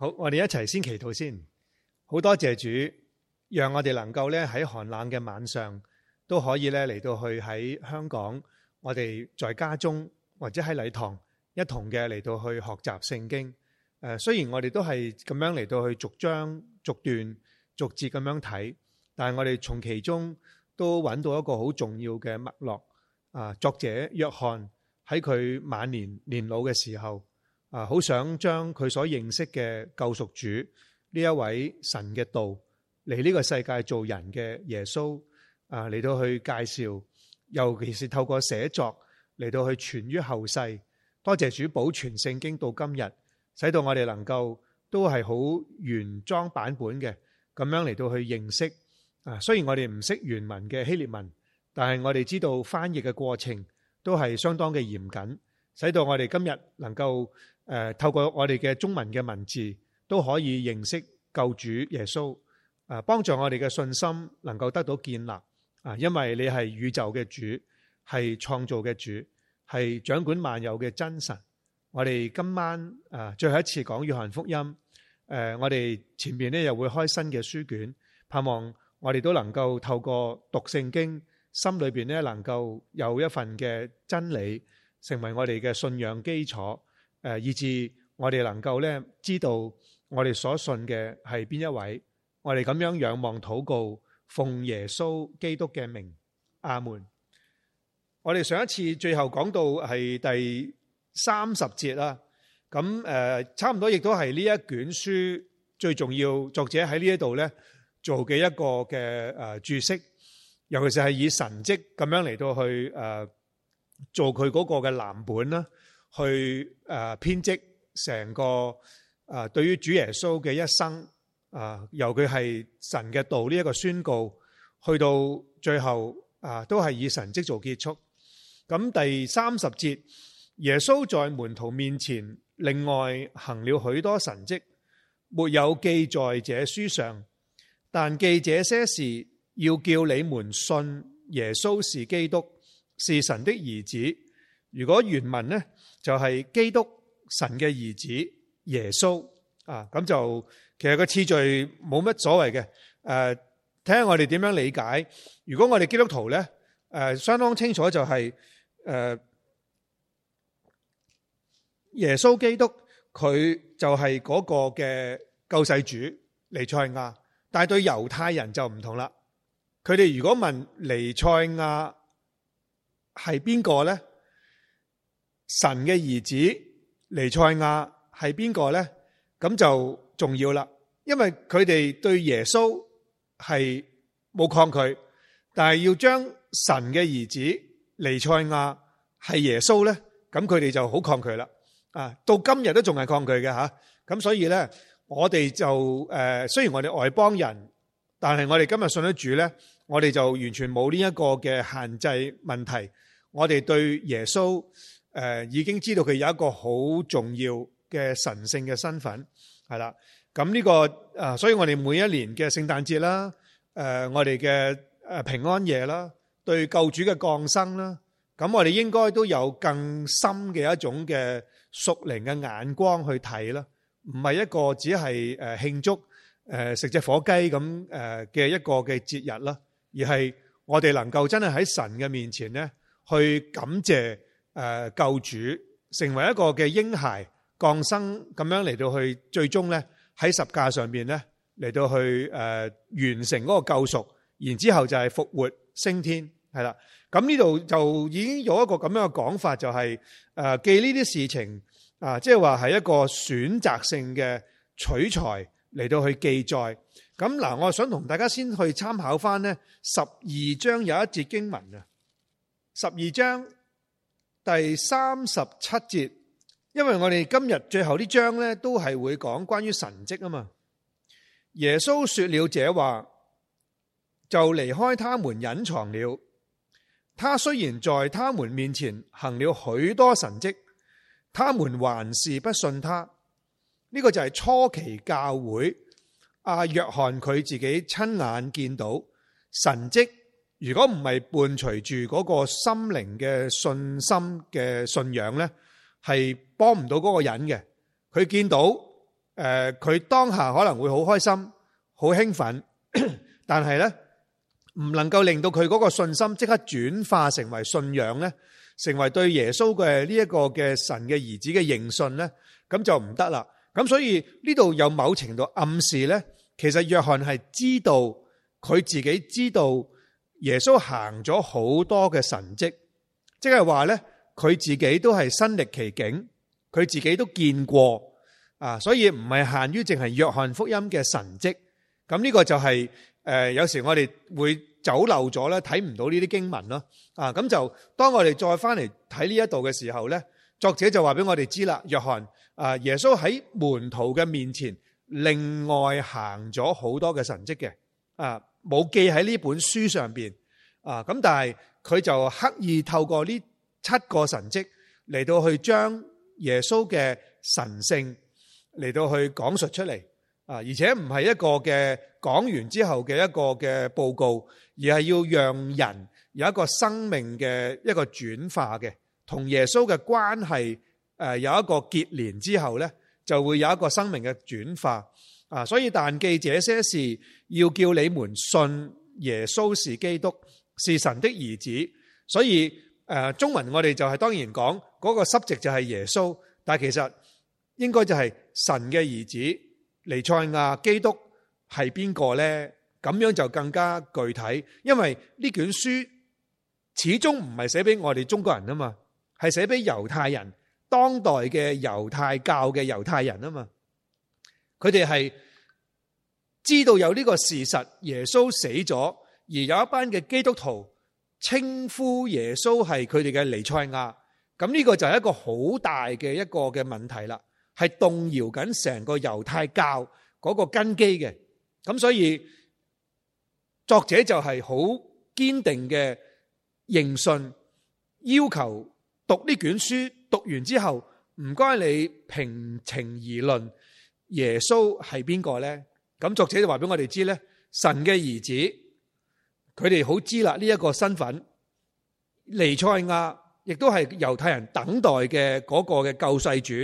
好，我哋一齊先祈禱先。好多謝主，讓我哋能夠咧喺寒冷嘅晚上，都可以咧嚟到去喺香港，我哋在家中或者喺禮堂一同嘅嚟到去學習聖經。誒、呃，雖然我哋都係咁樣嚟到去逐章、逐段、逐節咁樣睇，但係我哋從其中都揾到一個好重要嘅脈絡。啊、呃，作者約翰喺佢晚年年老嘅時候。啊，好想將佢所認識嘅救贖主，呢一位神嘅道嚟呢個世界做人嘅耶穌啊嚟到去介紹，尤其是透過寫作嚟到去傳於後世。多謝主保存聖經到今日，使到我哋能夠都係好原裝版本嘅，咁樣嚟到去認識啊。雖然我哋唔識原文嘅希臘文，但係我哋知道翻譯嘅過程都係相當嘅嚴謹，使到我哋今日能夠。誒，透過我哋嘅中文嘅文字都可以認識救主耶穌，誒，幫助我哋嘅信心能夠得到建立啊！因為你係宇宙嘅主，係創造嘅主，係掌管萬有嘅真神。我哋今晚啊最後一次講約翰福音，誒，我哋前面咧又會開新嘅書卷，盼望我哋都能夠透過讀聖經，心裏邊咧能夠有一份嘅真理，成為我哋嘅信仰基礎。誒，以至我哋能夠咧，知道我哋所信嘅係邊一位，我哋咁樣仰望禱告，奉耶穌基督嘅名，阿門。我哋上一次最後講到係第三十節啦，咁誒，差唔多亦都係呢一卷書最重要作者喺呢一度咧做嘅一個嘅誒注釋，尤其是係以神蹟咁樣嚟到去誒做佢嗰個嘅藍本啦。去誒編織成個，誒對於主耶穌嘅一生，誒，由佢係神嘅道呢一個宣告，去到最後啊，都係以神蹟做結束。咁第三十節，耶穌在門徒面前另外行了許多神蹟，沒有記在這書上，但記這些事，要叫你們信耶穌是基督，是神的兒子。如果原文呢，就係基督神嘅兒子耶穌啊，咁就其實個次序冇乜所謂嘅。誒，睇下我哋點樣理解。如果我哋基督徒咧，誒相當清楚就係誒耶穌基督，佢就係嗰個嘅救世主彌賽亞，但係對猶太人就唔同啦。佢哋如果問彌賽亞係邊個咧？神嘅兒子彌賽亞係邊個呢？咁就重要啦，因為佢哋對耶穌係冇抗拒，但係要將神嘅兒子彌賽亞係耶穌呢，咁佢哋就好抗拒啦。啊，到今日都仲係抗拒嘅吓。咁所以呢，我哋就誒，雖然我哋外邦人，但係我哋今日信咗主呢，我哋就完全冇呢一個嘅限制問題。我哋對耶穌。誒，已經知道佢有一個好重要嘅神聖嘅身份，係啦。咁呢個誒，所以我哋每一年嘅聖誕節啦，誒，我哋嘅誒平安夜啦，對救主嘅降生啦，咁我哋應該都有更深嘅一種嘅屬靈嘅眼光去睇啦，唔係一個只係誒慶祝誒食隻火雞咁誒嘅一個嘅節日啦，而係我哋能夠真係喺神嘅面前呢，去感謝。誒、呃，救主成為一個嘅嬰孩降生咁樣嚟到去，最終咧喺十架上邊咧嚟到去誒、呃、完成嗰個救贖，然之後就係復活升天，係啦。咁呢度就已經有一個咁樣嘅講法，就係、是、誒、呃、記呢啲事情啊、呃，即係話係一個選擇性嘅取材嚟到去記載。咁嗱、呃，我想同大家先去參考翻呢十二章有一節經文啊，十二章。第三十七節，因為我哋今日最後呢章呢，都係會講關於神蹟啊嘛。耶穌說了這話，就離開他們隱藏了。他雖然在他們面前行了許多神蹟，他們還是不信他。呢、這個就係初期教會阿約翰佢自己親眼見到神蹟。如果唔係伴隨住嗰個心靈嘅信心嘅信仰咧，係幫唔到嗰個人嘅。佢見到誒，佢當下可能會好開心、好興奮，但係咧唔能夠令到佢嗰個信心即刻轉化成為信仰咧，成為對耶穌嘅呢一個嘅神嘅兒子嘅認信咧，咁就唔得啦。咁所以呢度有某程度暗示咧，其實約翰係知道佢自己知道。耶穌行咗好多嘅神蹟，即係話咧，佢自己都係身歷其境，佢自己都見過啊，所以唔係限於淨係約翰福音嘅神蹟，咁呢個就係誒，有時我哋會走漏咗咧，睇唔到呢啲經文咯啊，咁就當我哋再翻嚟睇呢一度嘅時候咧，作者就話俾我哋知啦，約翰啊，耶穌喺門徒嘅面前另外行咗好多嘅神蹟嘅啊。冇記喺呢本書上邊啊，咁但係佢就刻意透過呢七個神蹟嚟到去將耶穌嘅神性嚟到去講述出嚟啊，而且唔係一個嘅講完之後嘅一個嘅報告，而係要讓人有一個生命嘅一個轉化嘅，同耶穌嘅關係誒有一個結連之後呢，就會有一個生命嘅轉化。啊，所以但記這些事，要叫你們信耶穌是基督，是神的兒子。所以，誒、呃、中文我哋就係當然講嗰、那個 subject 就係耶穌，但其實應該就係神嘅兒子彌賽亞基督係邊個呢？咁樣就更加具體，因為呢卷書始終唔係寫俾我哋中國人啊嘛，係寫俾猶太人當代嘅猶太教嘅猶太人啊嘛。佢哋係知道有呢個事實，耶穌死咗，而有一班嘅基督徒稱呼耶穌係佢哋嘅彌賽亞，咁、這、呢個就係一個好大嘅一個嘅問題啦，係動搖緊成個猶太教嗰個根基嘅。咁所以作者就係好堅定嘅認信，要求讀呢卷書，讀完之後唔該你平情而論。耶穌係邊個咧？咁作者就話俾我哋知咧，神嘅兒子，佢哋好知啦呢一個身份。尼賽亞亦都係猶太人等待嘅嗰個嘅救世主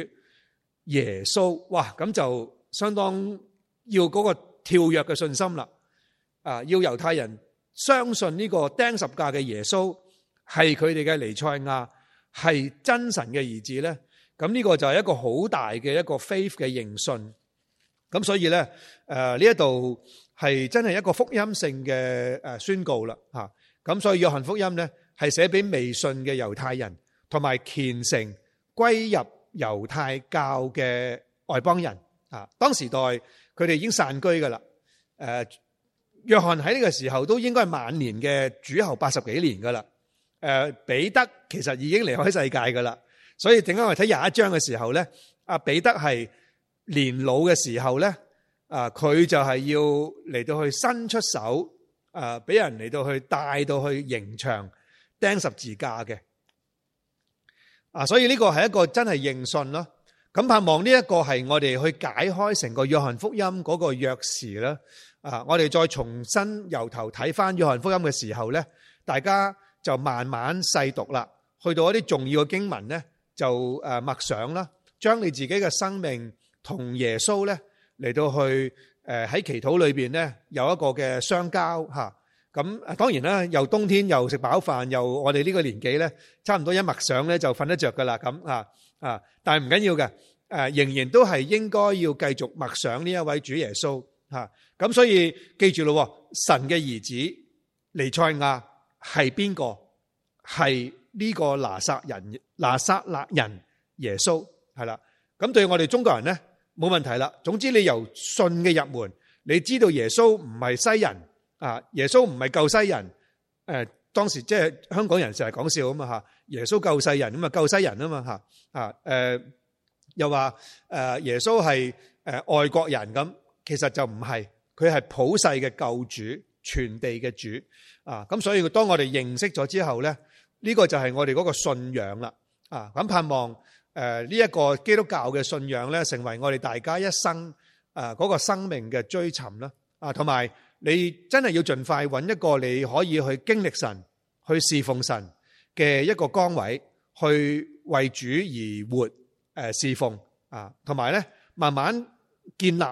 耶穌。哇，咁就相當要嗰個跳躍嘅信心啦。啊，要猶太人相信呢個釘十架嘅耶穌係佢哋嘅尼賽亞，係真神嘅兒子咧。咁呢個就係一個好大嘅一個 faith 嘅認信，咁所以咧，誒呢一度係真係一個福音性嘅誒宣告啦，嚇！咁所以約翰福音咧係寫俾未信嘅猶太人同埋虔誠歸入猶太教嘅外邦人啊，當時代佢哋已經散居噶啦，誒約翰喺呢個時候都應該係晚年嘅主後八十幾年噶啦，誒彼得其實已經離開世界噶啦。所以，點解我哋睇廿一章嘅時候咧，阿彼得係年老嘅時候咧，啊，佢就係要嚟到去伸出手，啊，俾人嚟到去帶到去刑場釘十字架嘅，啊，所以呢個係一個真係認信咯。咁盼望呢一個係我哋去解開成個約翰福音嗰個約時啦。啊，我哋再重新由頭睇翻約翰福音嘅時候咧，大家就慢慢細讀啦，去到一啲重要嘅經文咧。就誒默想啦，將你自己嘅生命同耶穌咧，嚟到去誒喺祈禱裏邊咧有一個嘅相交吓。咁當然啦，又冬天又食飽飯又我哋呢個年紀咧，差唔多一默想咧就瞓得着噶啦，咁啊啊！但係唔緊要嘅，誒仍然都係應該要繼續默想呢一位主耶穌吓。咁所以記住咯，神嘅兒子彌賽亞係邊個？係。呢個拿撒人拿撒勒人耶穌係啦，咁對我哋中國人呢，冇問題啦。總之你由信嘅入門，你知道耶穌唔係西人啊，耶穌唔係舊西人。誒，當時即係香港人成日講笑咁嘛，耶穌舊西人咁啊，舊西人啊嘛啊、呃、又話耶穌係外國人咁，其實就唔係，佢係普世嘅救主，全地嘅主啊。咁所以當我哋認識咗之後呢。呢個就係我哋嗰個信仰啦，啊咁，盼望誒呢一個基督教嘅信仰咧，成為我哋大家一生誒嗰個生命嘅追尋啦，啊同埋你真係要盡快揾一個你可以去經歷神、去侍奉神嘅一個崗位，去為主而活誒侍奉啊，同埋咧慢慢建立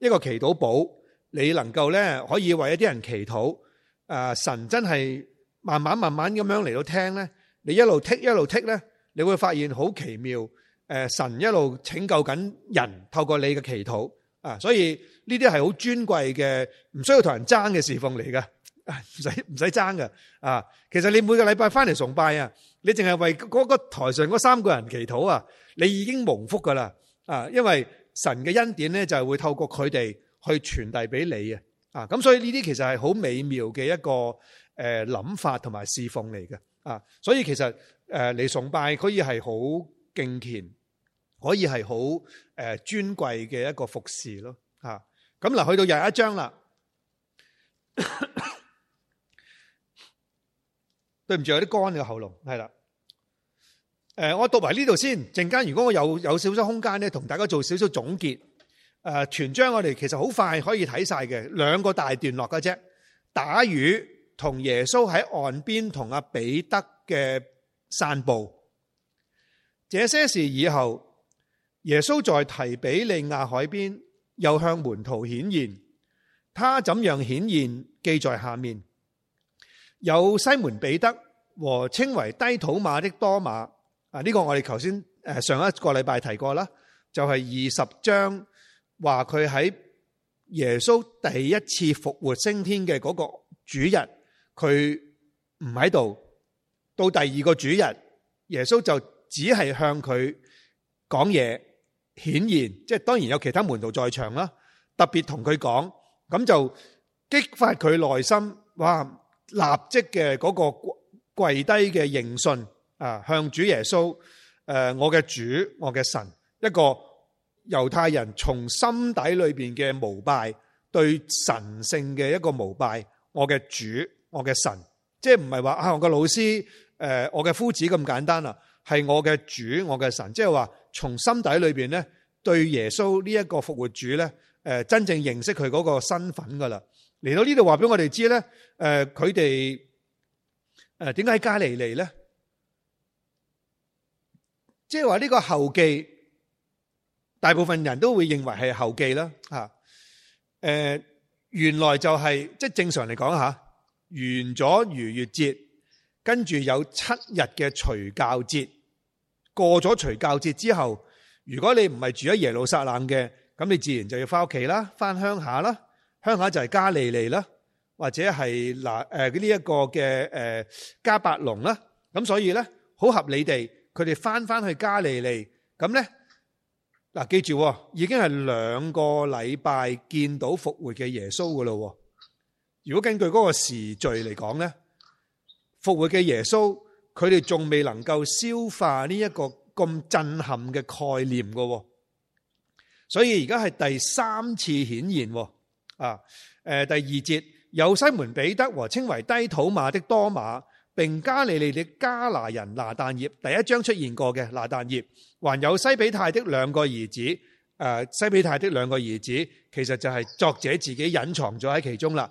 一個祈禱簿，你能夠咧可以為一啲人祈禱誒神真係。慢慢慢慢咁樣嚟到聽咧，你一路剔一路剔咧，你會發現好奇妙。誒，神一路拯救緊人，透過你嘅祈禱啊，所以呢啲係好尊貴嘅，唔需要同人爭嘅事奉嚟噶，唔使唔使爭噶啊。其實你每個禮拜翻嚟崇拜啊，你淨係為嗰個台上嗰三個人祈禱啊，你已經蒙福噶啦啊，因為神嘅恩典咧就係會透過佢哋去傳遞俾你啊。啊，咁所以呢啲其實係好美妙嘅一個。誒，諗法同埋侍奉嚟嘅啊，所以其實誒嚟崇拜可以係好敬虔，可以係好誒尊貴嘅一個服侍咯啊。咁嗱，去到廿一章啦，對唔住，有啲乾個喉嚨，係啦。誒，我讀埋呢度先，陣間如果我有有少少空間咧，同大家做少少總結。誒，全章我哋其實好快可以睇晒嘅，兩個大段落嘅啫，打魚。同耶穌喺岸邊同阿彼得嘅散步。這些事以後，耶穌在提比利亞海邊又向門徒顯現，他怎樣顯現記在下面。有西門彼得和稱為低土馬的多馬，啊，呢個我哋頭先誒上一個禮拜提過啦，就係二十章話佢喺耶穌第一次復活升天嘅嗰個主日。佢唔喺度，到第二個主日，耶穌就只係向佢講嘢，顯然即係當然有其他門徒在場啦，特別同佢講，咁就激發佢內心，哇！立即嘅嗰個跪跪低嘅認信啊，向主耶穌，誒，我嘅主，我嘅神，一個猶太人從心底裏邊嘅膜拜，對神聖嘅一個膜拜，我嘅主。我嘅神，即係唔係話啊我個老師，誒我嘅夫子咁簡單啦，係我嘅主，我嘅神，即係話從心底裏邊咧，對耶穌呢一個復活主咧，誒真正認識佢嗰個身份噶啦。嚟到這裏我們他們他們呢度話俾我哋知咧，誒佢哋誒點解喺加利利咧？即係話呢個後記，大部分人都會認為係後記啦。吓，誒原來就係即係正常嚟講吓。完咗逾越節，跟住有七日嘅除酵節。過咗除酵節之後，如果你唔係住喺耶路撒冷嘅，咁你自然就要翻屋企啦，翻鄉下啦。鄉下就係加利利啦，或者係嗱，誒呢一個嘅誒迦百農啦。咁所以咧，好合理地，佢哋翻翻去加利利。咁咧嗱，記住已經係兩個禮拜見到復活嘅耶穌噶喎。如果根據嗰個時序嚟講咧，復活嘅耶穌佢哋仲未能夠消化呢一個咁震撼嘅概念嘅，所以而家係第三次顯現喎。啊，第二節有西門彼得和稱為低土馬的多馬，並加利利的加拿人拿但業，第一章出現過嘅拿但業，還有西庇太的兩個兒子，啊，西庇太的兩個兒子其實就係作者自己隱藏咗喺其中啦。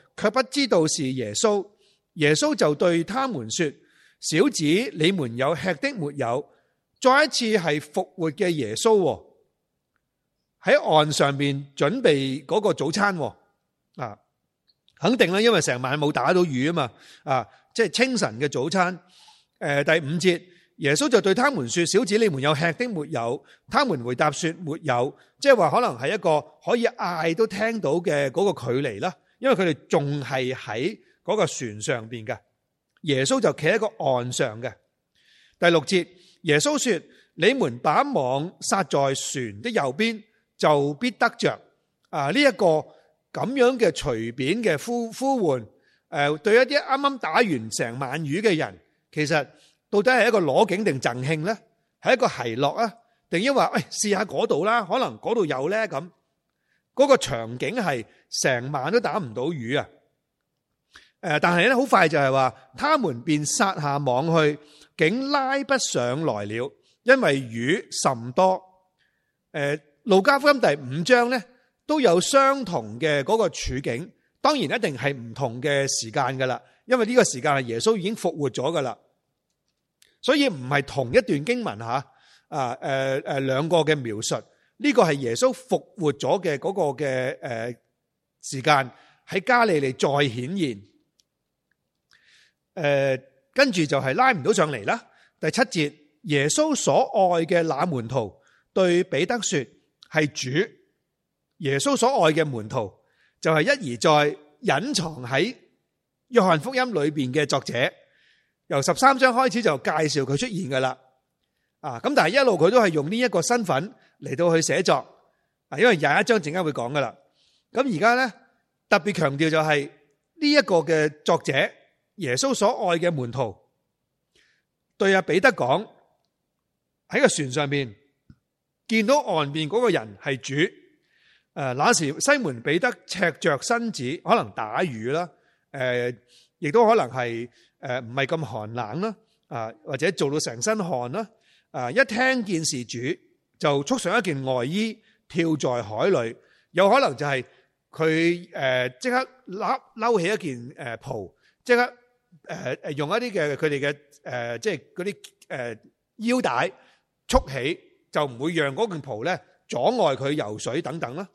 卻不知道是耶穌，耶穌就對他們說：小子，你們有吃的沒有？再一次係復活嘅耶穌喺岸上面準備嗰個早餐啊，肯定啦，因為成晚冇打到魚啊嘛啊，即係清晨嘅早餐。誒、呃，第五節耶穌就對他們說：小子，你們有吃的沒有？他們回答說：沒有。即係話可能係一個可以嗌都聽到嘅嗰個距離啦。因為佢哋仲係喺嗰個船上邊嘅，耶穌就企喺個岸上嘅。第六節，耶穌說：你們把網撒在船的右邊，就必得着。啊，呢一個咁樣嘅隨便嘅呼呼喚，誒，對一啲啱啱打完成晚魚嘅人，其實到底係一個攞景定贈慶呢？係一個奚落啊？定因話喂試下嗰度啦，可能嗰度有呢？咁？嗰個場景係成晚都打唔到魚啊！誒，但係咧好快就係話，他們便撒下網去，竟拉不上來了，因為魚甚多。誒，路加福音第五章咧都有相同嘅嗰個處境，當然一定係唔同嘅時間噶啦，因為呢個時間係耶穌已經復活咗噶啦，所以唔係同一段經文吓，啊，誒，誒，兩個嘅描述。呢個係耶穌復活咗嘅嗰個嘅誒時間喺加利利再顯現，誒跟住就係拉唔到上嚟啦。第七節，耶穌所愛嘅那門徒對彼得說：係主耶穌所愛嘅門徒，就係一而再隱藏喺約翰福音裏邊嘅作者。由十三章開始就介紹佢出現噶啦，啊咁但係一路佢都係用呢一個身份。嚟到去寫作，啊，因為廿一章陣間會講噶啦。咁而家咧，特別強調就係呢一個嘅作者耶穌所愛嘅門徒，對阿彼得講喺個船上面，見到岸邊嗰個人係主。誒，那時西門彼得赤着身子，可能打魚啦，誒，亦都可能係誒唔係咁寒冷啦，啊，或者做到成身汗啦，啊，一聽見是主，就束上一件外衣，跳在海裏，有可能就係佢誒，即刻攬摟起一件誒袍，即刻誒誒，用一啲嘅，佢哋嘅誒即係嗰啲誒腰帶束起，就唔會讓嗰件袍咧阻礙佢游水等等啦。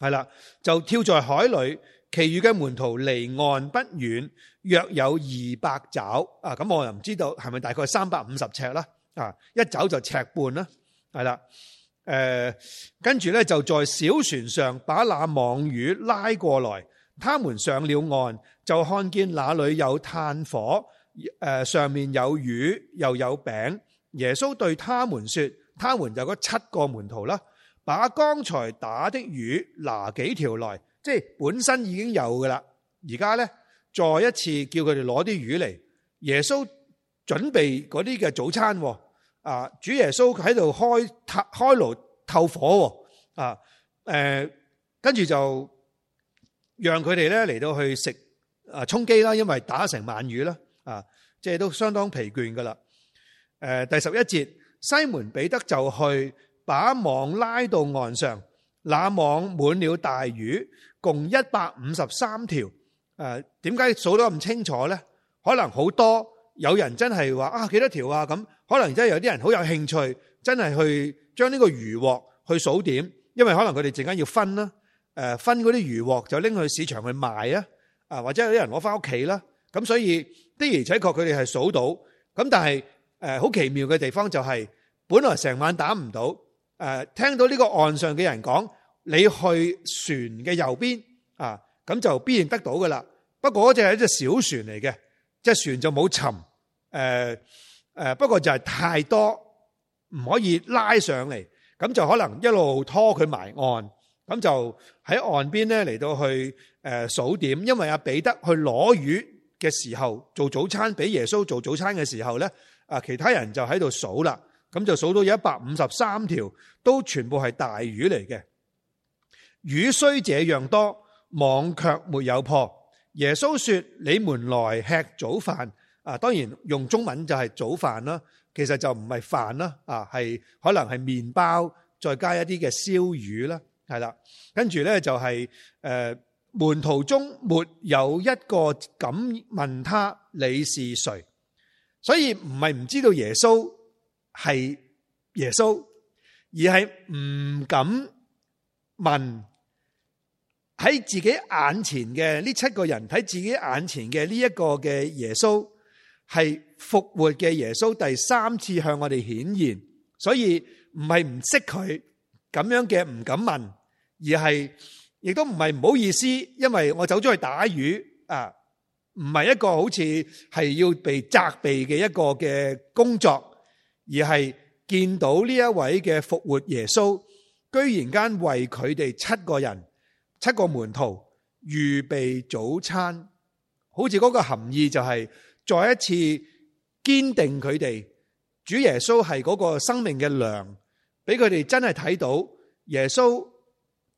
係啦，就跳在海裏，其餘嘅門徒離岸不遠，約有二百肘啊。咁我又唔知道係咪大概三百五十尺啦。啊，一肘就尺半啦。係啦，誒，跟住咧就在小船上把那網魚拉過來，他們上了岸就看見那裏有炭火，誒、呃，上面有魚又有餅。耶穌對他們說，他們就嗰七個門徒啦，把剛才打的魚拿幾條來，即係本身已經有噶啦，而家呢，再一次叫佢哋攞啲魚嚟。耶穌準備嗰啲嘅早餐。啊！主耶穌佢喺度開開爐透火喎，啊，誒，跟住就讓佢哋咧嚟到去食啊，充飢啦，因為打成晚魚啦，啊，即係都相當疲倦噶啦。誒，第十一節，西門彼得就去把網拉到岸上，那網滿了大魚，共一百五十三條。誒，點解數得咁清楚咧？可能好多有人真係話啊，幾多條啊咁。可能真係有啲人好有興趣，真係去將呢個漁獲去數點，因為可能佢哋陣間要分啦，誒，分嗰啲漁獲就拎去市場去賣啊，啊，或者有啲人攞翻屋企啦。咁所以的而且確佢哋係數到，咁但係誒，好奇妙嘅地方就係本來成晚打唔到，誒，聽到呢個岸上嘅人講，你去船嘅右邊啊，咁就必然得到噶啦。不過嗰隻係一隻小船嚟嘅，隻船就冇沉，誒。誒不過就係太多唔可以拉上嚟，咁就可能一路拖佢埋岸，咁就喺岸邊呢嚟到去誒數點，因為阿彼得去攞魚嘅時候做早餐，俾耶穌做早餐嘅時候呢，啊，其他人就喺度數啦，咁就數到有一百五十三條，都全部係大魚嚟嘅。魚雖這樣多，網卻沒有破。耶穌說：你們來吃早飯。啊，當然用中文就係早飯啦，其實就唔係飯啦，啊，係可能係麵包，再加一啲嘅燒魚啦，係啦，跟住咧就係、是、誒、呃、門徒中沒有一個敢問他，你是誰，所以唔係唔知道耶穌係耶穌，而係唔敢問喺自己眼前嘅呢七個人，喺自己眼前嘅呢一個嘅耶穌。係復活嘅耶穌第三次向我哋顯現，所以唔係唔識佢咁樣嘅唔敢問，而係亦都唔係唔好意思，因為我走咗去打魚啊，唔係一個好似係要被責備嘅一個嘅工作，而係見到呢一位嘅復活耶穌，居然間為佢哋七個人，七個門徒預備早餐，好似嗰個含義就係、是。再一次堅定佢哋，主耶穌係嗰個生命嘅糧，俾佢哋真係睇到耶穌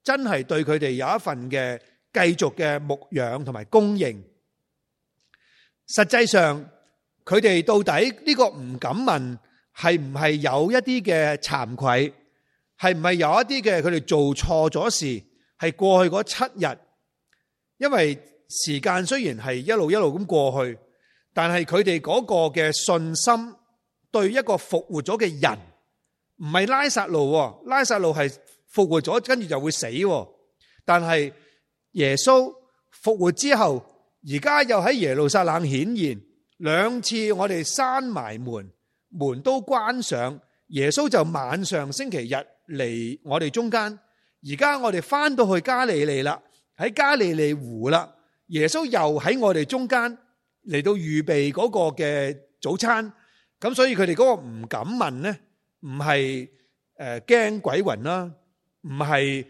真係對佢哋有一份嘅繼續嘅牧養同埋供應。實際上佢哋到底呢個唔敢問，係唔係有一啲嘅慚愧，係唔係有一啲嘅佢哋做錯咗事，係過去嗰七日，因為時間雖然係一路一路咁過去。但係佢哋嗰個嘅信心，對一個復活咗嘅人，唔係拉撒路喎，拉撒路係復活咗，跟住就會死。但係耶穌復活之後，而家又喺耶路撒冷顯現兩次。我哋閂埋門，門都關上，耶穌就晚上星期日嚟我哋中間。而家我哋翻到去加利利啦，喺加利利湖啦，耶穌又喺我哋中間。嚟到預備嗰個嘅早餐，咁所以佢哋嗰個唔敢問咧，唔係誒驚鬼魂啦，唔係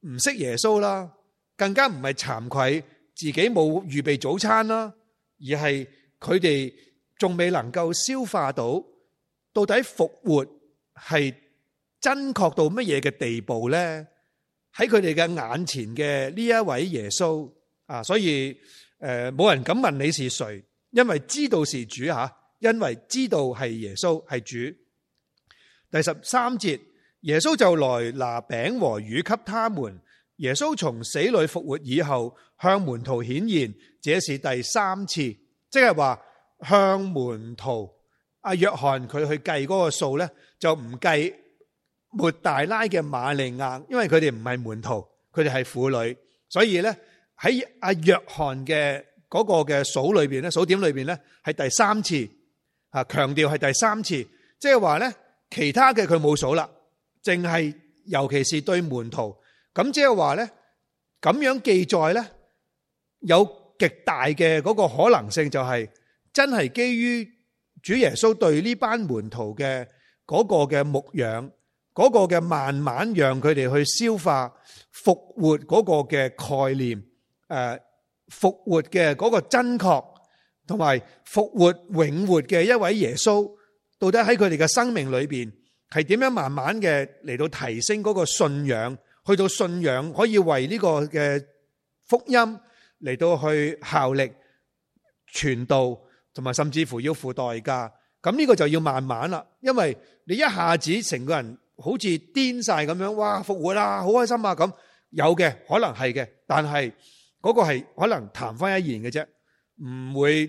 唔識耶穌啦，更加唔係慚愧自己冇預備早餐啦，而係佢哋仲未能夠消化到到底復活係真確到乜嘢嘅地步咧，喺佢哋嘅眼前嘅呢一位耶穌啊，所以。誒，冇人敢問你是誰，因為知道是主吓，因為知道係耶穌係主。第十三節，耶穌就來拿餅和魚給他們。耶穌從死裏復活以後，向門徒顯現，這是第三次，即係話向門徒阿約翰佢去計嗰個數咧，就唔計抹大拉嘅馬利亞，因為佢哋唔係門徒，佢哋係婦女，所以咧。喺阿約翰嘅嗰個嘅數裏邊咧，數點裏邊咧係第三次啊，強調係第三次，即係話咧其他嘅佢冇數啦，淨係尤其是對門徒，咁即係話咧咁樣記載咧，有極大嘅嗰個可能性就係真係基於主耶穌對呢班門徒嘅嗰個嘅牧養，嗰個嘅慢慢讓佢哋去消化復活嗰個嘅概念。誒，復活嘅嗰個真確，同埋復活永活嘅一位耶穌，到底喺佢哋嘅生命裏邊係點樣慢慢嘅嚟到提升嗰個信仰，去到信仰可以為呢個嘅福音嚟到去效力傳道，同埋甚至乎要付代價。咁呢個就要慢慢啦，因為你一下子成個人好似癲晒咁樣，哇復活啦，好開心啊咁，有嘅可能係嘅，但係。嗰個係可能談翻一言嘅啫，唔會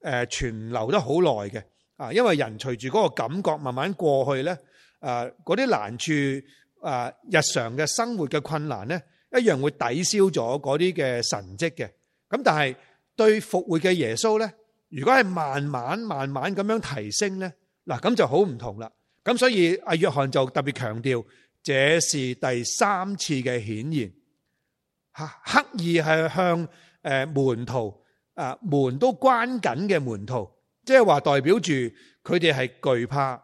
誒存留得好耐嘅啊，因為人隨住嗰個感覺慢慢過去咧，啊嗰啲難處啊，日常嘅生活嘅困難咧，一樣會抵消咗嗰啲嘅神跡嘅。咁但係對復活嘅耶穌咧，如果係慢慢慢慢咁樣提升咧，嗱咁就好唔同啦。咁所以阿約翰就特別強調，這是第三次嘅顯現。吓刻意係向誒門徒啊，門都關緊嘅門徒，即係話代表住佢哋係懼怕。誒、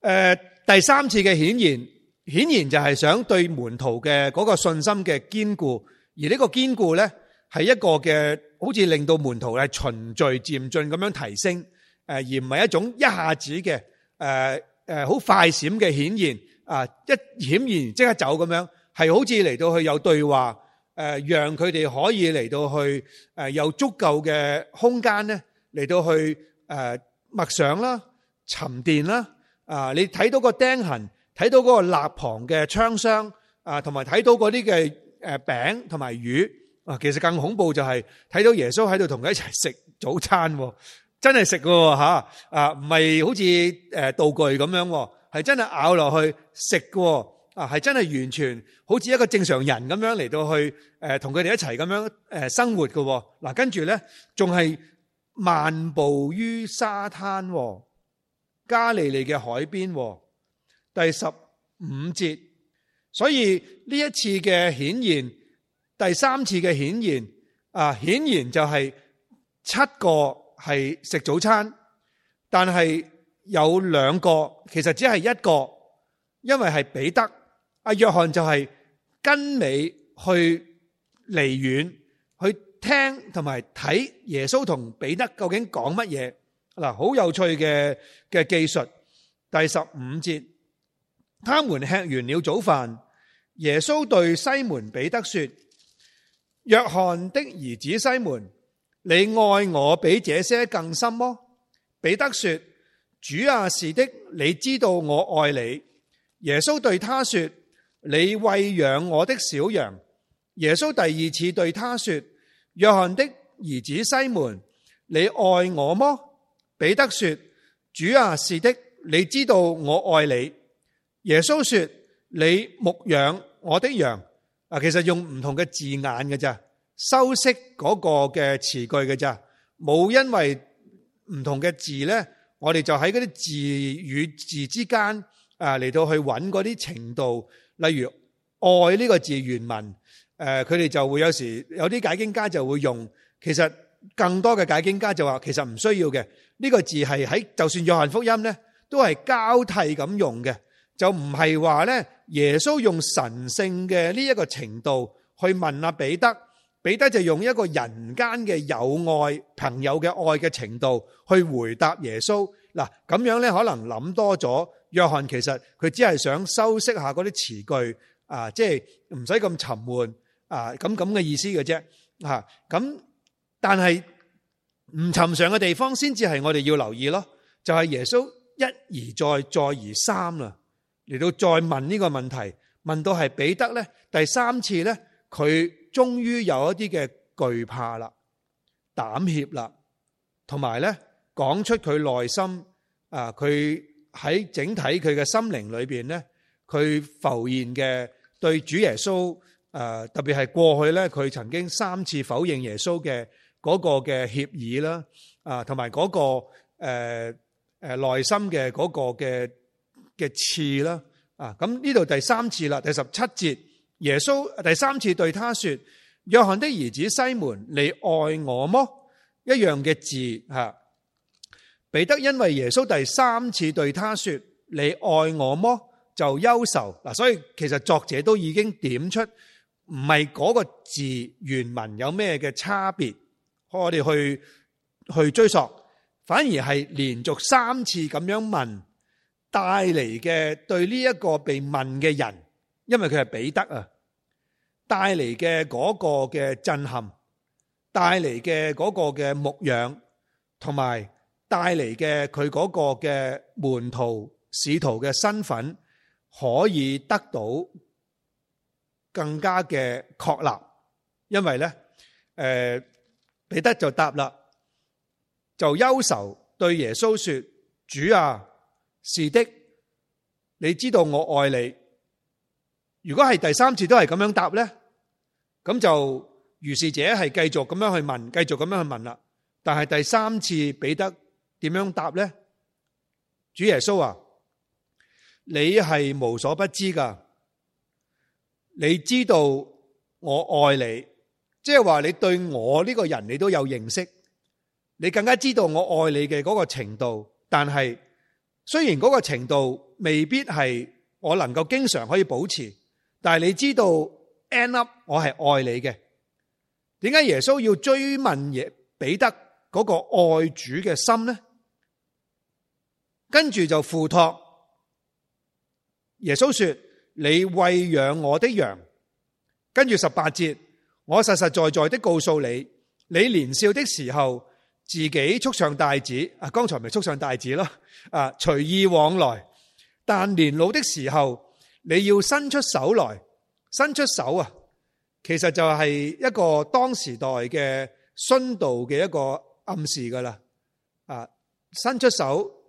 呃、第三次嘅顯現顯現就係想對門徒嘅嗰個信心嘅堅固，而這個堅固呢個堅固咧係一個嘅好似令到門徒係循序漸進咁樣提升，誒、呃、而唔係一種一下子嘅誒誒好快閃嘅顯現啊，一顯現即、呃、刻走咁樣。係好似嚟到去有對話，誒，讓佢哋可以嚟到去誒有足夠嘅空間咧，嚟到去誒默想啦、沉澱啦。啊，你睇到個釘痕，睇到嗰個肋旁嘅槍傷，啊，同埋睇到嗰啲嘅誒餅同埋魚。啊，其實更恐怖就係睇到耶穌喺度同佢一齊食早餐，真係食㗎吓。啊，唔係好似誒道具咁樣，係真係咬落去食㗎。啊，係真係完全好似一個正常人咁樣嚟到去，誒、呃，同佢哋一齊咁樣，誒，生活嘅。嗱，跟住咧，仲係漫步於沙灘、哦，加利利嘅海邊、哦，第十五節。所以呢一次嘅顯現，第三次嘅顯現，啊、呃，顯然就係七個係食早餐，但係有兩個，其實只係一個，因為係彼得。阿約翰就係跟你去離遠去聽同埋睇耶穌同彼得究竟講乜嘢。嗱，好有趣嘅嘅技術。第十五節，他們吃完了早飯，耶穌對西門彼得說：約翰的兒子西門，你愛我比這些更深麼？彼得說：主啊，是的，你知道我愛你。耶穌對他說，你餵養我的小羊，耶穌第二次對他說：約翰的兒子西門，你愛我麼？彼得說：主啊，是的，你知道我愛你。耶穌說：你牧養我的羊。啊，其實用唔同嘅字眼㗎咋，修飾嗰個嘅詞句㗎咋，冇因為唔同嘅字咧，我哋就喺嗰啲字與字之間啊嚟到去揾嗰啲程度。例如愛呢個字原文，誒佢哋，就會有時有啲解經家就會用，其實更多嘅解經家就話其實唔需要嘅，呢個字係喺就算約翰福音咧，都係交替咁用嘅，就唔係話咧耶穌用神聖嘅呢一個程度去問阿彼得，彼得就用一個人間嘅有愛朋友嘅愛嘅程度去回答耶穌，嗱咁樣咧可能諗多咗。約翰其實佢只係想修飾下嗰啲詞句啊，即係唔使咁沉悶啊，咁咁嘅意思嘅啫吓。咁、啊、但係唔尋常嘅地方，先至係我哋要留意咯。就係、是、耶穌一而再，再而三啦，嚟到再問呢個問題，問到係彼得咧，第三次咧，佢終於有一啲嘅懼怕啦、膽怯啦，同埋咧講出佢內心啊，佢。喺整體佢嘅心靈裏邊咧，佢浮現嘅對主耶穌，誒，特別係過去咧，佢曾經三次否認耶穌嘅嗰個嘅協議啦，啊，同埋嗰個誒誒內心嘅嗰個嘅嘅刺啦，啊，咁呢度第三次啦，第十七節，耶穌第三次對他說：約翰的兒子西門，你愛我麼？一樣嘅字吓。彼得因為耶穌第三次對他說：你愛我麼？就憂愁。嗱，所以其實作者都已經點出，唔係嗰個字原文有咩嘅差別，我哋去去追溯，反而係連續三次咁樣問帶嚟嘅對呢一個被問嘅人，因為佢係彼得啊，帶嚟嘅嗰個嘅震撼，帶嚟嘅嗰個嘅牧養，同埋。帶嚟嘅佢嗰個嘅門徒、使徒嘅身份，可以得到更加嘅確立。因為咧，誒、呃，彼得就答啦，就憂愁對耶穌說：主啊，是的，你知道我愛你。如果係第三次都係咁樣答咧，咁就如是者係繼續咁樣去問，繼續咁樣去問啦。但係第三次彼得。點樣答咧？主耶穌啊，你係無所不知噶你知道我愛你，即係話你對我呢個人你都有認識，你更加知道我愛你嘅嗰個程度。但係雖然嗰個程度未必係我能夠經常可以保持，但係你知道 end up 我係愛你嘅。點解耶穌要追問耶彼得嗰個愛主嘅心咧？跟住就附託耶穌說：你喂養我的羊。跟住十八節，我實實在在的告訴你：你年少的時候，自己束上帶子啊，剛才咪束上帶子咯啊，隨意往來。但年老的時候，你要伸出手來，伸出手啊，其實就係一個當時代嘅殉道嘅一個暗示噶啦啊，伸出手。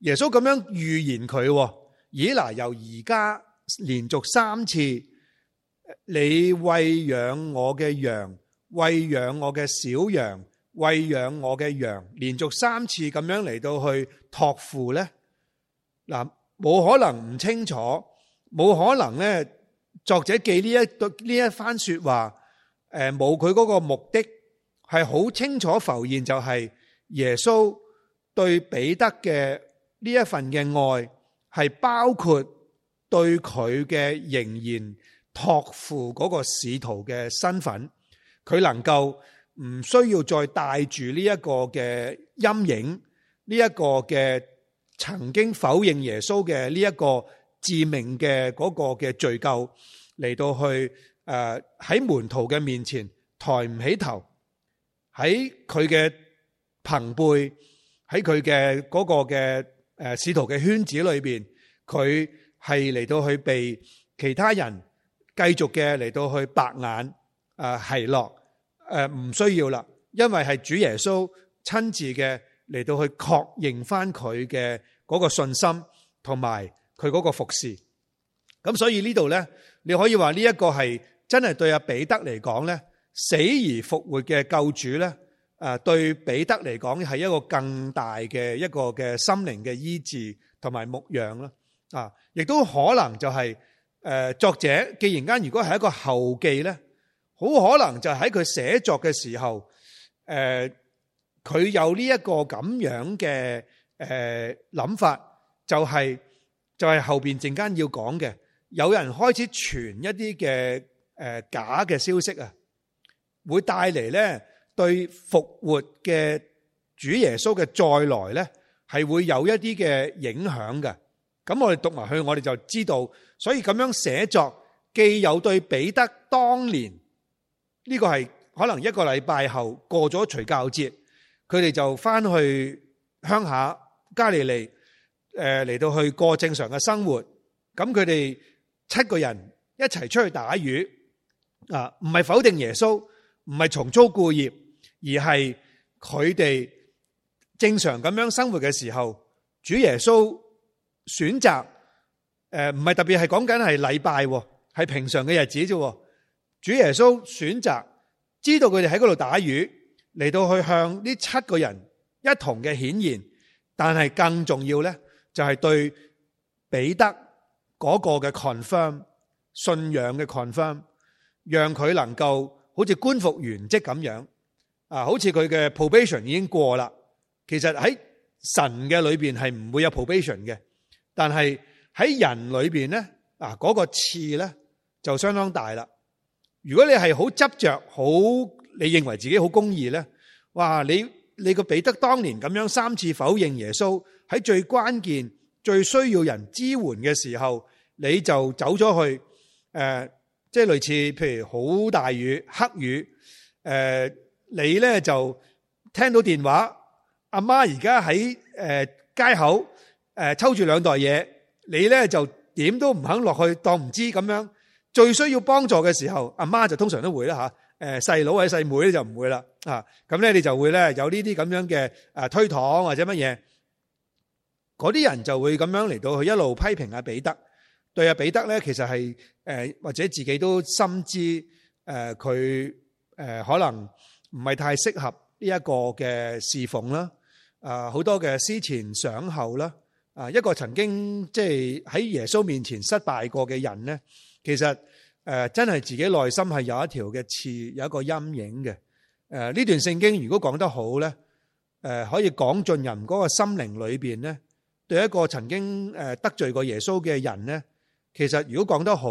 耶穌咁樣預言佢，咦嗱、啊？由而家連續三次，你餵養我嘅羊，餵養我嘅小羊，餵養我嘅羊，連續三次咁樣嚟到去託付咧，嗱，冇可能唔清楚，冇可能咧。作者記呢一對呢一番說話，誒，冇佢嗰個目的，係好清楚浮現，就係耶穌對彼得嘅。呢一份嘅愛係包括對佢嘅仍然託付嗰個使徒嘅身份，佢能夠唔需要再帶住呢一個嘅陰影，呢一個嘅曾經否認耶穌嘅呢一個致命嘅嗰個嘅罪咎嚟到去誒喺門徒嘅面前抬唔起頭，喺佢嘅朋輩，喺佢嘅嗰個嘅。誒，使徒嘅圈子裏邊，佢係嚟到去被其他人繼續嘅嚟到去白眼，誒，奚落，誒，唔需要啦，因為係主耶穌親自嘅嚟到去確認翻佢嘅嗰個信心，同埋佢嗰個服侍。咁所以呢度咧，你可以話呢一個係真係對阿彼得嚟講咧，死而復活嘅救主咧。誒，對彼得嚟講係一個更大嘅一個嘅心靈嘅醫治同埋牧養啦，啊，亦都可能就係誒作者，既然間如果係一個後記咧，好可能就喺佢寫作嘅時候，誒，佢有呢一個咁樣嘅誒諗法，就係就係後邊陣間要講嘅，有人開始傳一啲嘅誒假嘅消息啊，會帶嚟咧。對復活嘅主耶穌嘅再來呢，係會有一啲嘅影響嘅。咁我哋讀埋去，我哋就知道。所以咁樣寫作，既有對彼得當年呢個係可能一個禮拜後過咗除教節，佢哋就翻去鄉下加利利，誒嚟到去過正常嘅生活。咁佢哋七個人一齊出去打魚啊，唔係否定耶穌，唔係重操舊業。而係佢哋正常咁樣生活嘅時候，主耶穌選擇誒，唔、呃、係特別係講緊係禮拜，係平常嘅日子啫。主耶穌選擇知道佢哋喺嗰度打魚，嚟到去向呢七個人一同嘅顯現，但係更重要咧，就係、是、對彼得嗰個嘅 confirm 信仰嘅 confirm，讓佢能夠好似官復原職咁樣。啊，好似佢嘅 probation 已經過啦。其實喺神嘅裏邊係唔會有 probation 嘅，但係喺人裏邊咧，啊，嗰個刺咧就相當大啦。如果你係好執着，好你認為自己好公義咧，哇！你你個彼得當年咁樣三次否認耶穌，喺最關鍵、最需要人支援嘅時候，你就走咗去，誒，即係類似譬如好大雨、黑雨，誒。你咧就聽到電話，阿媽而家喺誒街口誒抽住兩袋嘢，你咧就點都唔肯落去當唔知咁樣。最需要幫助嘅時候，阿媽就通常都會啦嚇，細佬或者細妹咧就唔會啦啊。咁咧你就會咧有呢啲咁樣嘅誒推搪或者乜嘢，嗰啲人就會咁樣嚟到去一路批評阿彼得。對阿彼得咧，其實係誒或者自己都深知誒佢誒可能。唔係太適合呢一個嘅侍奉啦，啊，好多嘅思前想後啦，啊，一個曾經即係喺耶穌面前失敗過嘅人咧，其實誒真係自己內心係有一條嘅刺，有一個陰影嘅。誒呢段聖經如果講得好咧，誒可以講進人嗰個心靈裏邊咧，對一個曾經誒得罪過耶穌嘅人咧，其實如果講得好，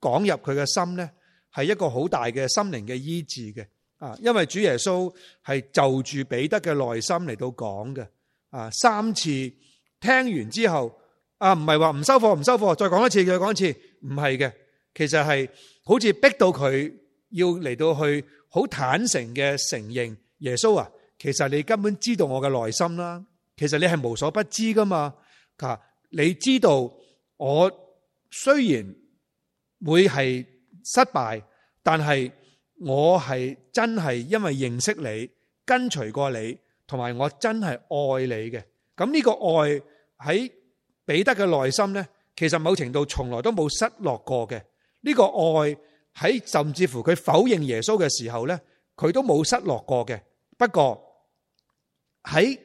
講入佢嘅心咧，係一個好大嘅心靈嘅醫治嘅。啊，因為主耶穌係就住彼得嘅內心，嚟到講嘅，啊三次聽完之後，啊唔係話唔收貨唔收貨，再講一次，再講一次，唔係嘅，其實係好似逼到佢要嚟到去好坦誠嘅承認耶穌啊，其實你根本知道我嘅內心啦，其實你係無所不知噶嘛，啊你知道我雖然會係失敗，但係。我係真係因為認識你跟隨過你，同埋我真係愛你嘅。咁、這、呢個愛喺彼得嘅內心呢，其實某程度從來都冇失落過嘅。呢、這個愛喺甚至乎佢否認耶穌嘅時候呢，佢都冇失落過嘅。不過喺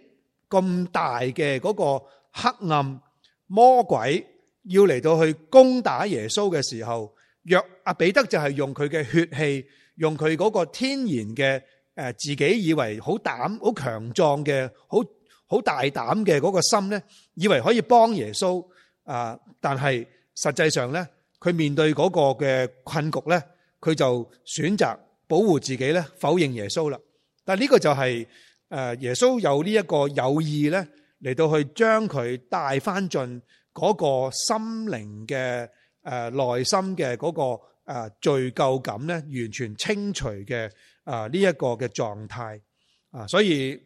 咁大嘅嗰個黑暗魔鬼要嚟到去攻打耶穌嘅時候，若阿彼得就係用佢嘅血氣。用佢嗰個天然嘅，誒自己以為好膽、好強壯嘅、好好大膽嘅嗰個心咧，以為可以幫耶穌啊！但係實際上咧，佢面對嗰個嘅困局咧，佢就選擇保護自己咧，否認耶穌啦。但係呢個就係誒耶穌有呢一個有意咧，嚟到去將佢帶翻進嗰個心靈嘅誒內心嘅嗰個。啊，罪疚感咧，完全清除嘅啊呢一個嘅狀態啊，所以誒、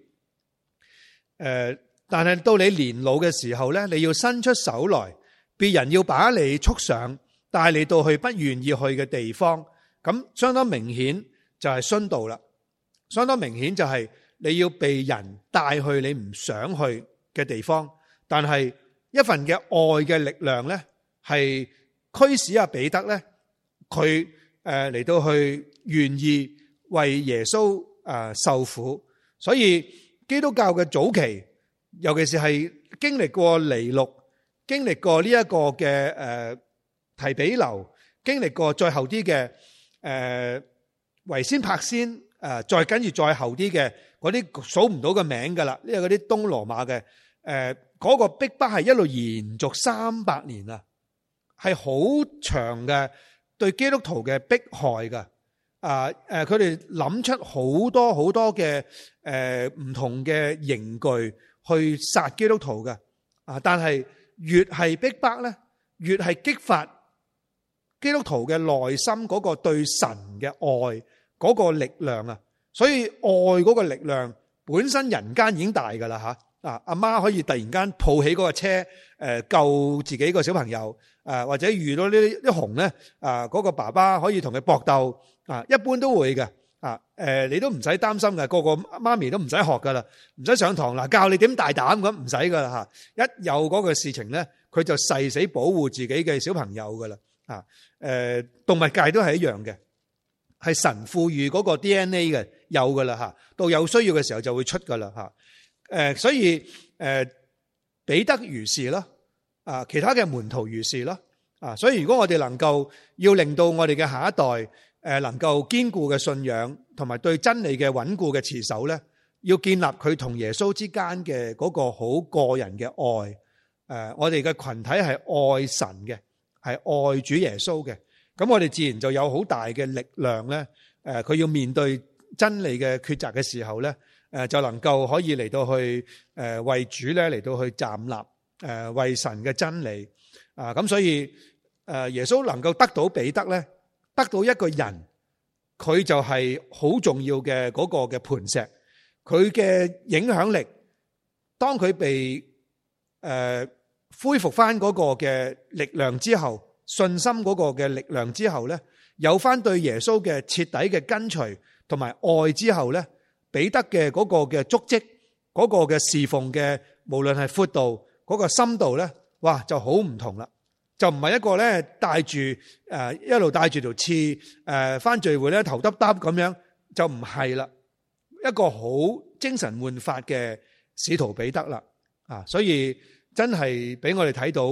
呃，但係到你年老嘅時候咧，你要伸出手來，別人要把你束上帶你到去不願意去嘅地方，咁相當明顯就係殉道啦。相當明顯就係你要被人帶去你唔想去嘅地方，但係一份嘅愛嘅力量咧，係驅使阿彼得咧。佢誒嚟到去願意為耶穌啊受苦，所以基督教嘅早期，尤其是係經歷過尼祿，經歷過呢一個嘅誒提比流，經歷過再後啲嘅誒維先柏先誒，再跟住再後啲嘅嗰啲數唔到嘅名㗎喇，因為啲東羅馬嘅誒嗰個逼迫係一路延續三百年啊，係好長嘅。對基督徒嘅迫害嘅，啊，誒，佢哋諗出好多好多嘅，誒，唔同嘅刑具去殺基督徒嘅，啊，但係越係逼迫咧，越係激發基督徒嘅內心嗰個對神嘅愛嗰個力量啊，所以愛嗰個力量本身人間已經大噶啦吓，啊，阿媽可以突然間抱起嗰個車，誒，救自己個小朋友。啊，或者遇到呢啲熊咧，啊，嗰個爸爸可以同佢搏鬥啊，一般都會嘅啊，誒，你都唔使擔心嘅，個個媽咪都唔使學噶啦，唔使上堂啦，教你點大膽咁，唔使噶啦吓，一有嗰個事情咧，佢就誓死保護自己嘅小朋友噶啦，啊，誒，動物界都係一樣嘅，係神賦予嗰個 DNA 嘅，有噶啦吓，到有需要嘅時候就會出噶啦吓，誒，所以誒、呃，彼得如是咯。啊！其他嘅門徒如是咯，啊！所以如果我哋能夠要令到我哋嘅下一代，誒能夠堅固嘅信仰同埋對真理嘅穩固嘅持守咧，要建立佢同耶穌之間嘅嗰個好個人嘅愛，誒我哋嘅群體係愛神嘅，係愛主耶穌嘅，咁我哋自然就有好大嘅力量咧。誒佢要面對真理嘅抉擇嘅時候咧，誒就能夠可以嚟到去誒為主咧嚟到去站立。誒，為神嘅真理啊，咁所以誒，耶穌能夠得到彼得咧，得到一個人，佢就係好重要嘅嗰個嘅磐石，佢嘅影響力，當佢被誒恢復翻嗰個嘅力量之後，信心嗰個嘅力量之後咧，有翻對耶穌嘅徹底嘅跟隨同埋愛之後咧，彼得嘅嗰個嘅足迹，嗰個嘅侍奉嘅，無論係闊度。嗰個深度咧，哇就好唔同啦，就唔係一個咧帶住誒一路帶住條刺誒返聚會咧頭耷耷咁樣，就唔係啦。一個好精神煥發嘅使徒彼得啦啊，所以真係俾我哋睇到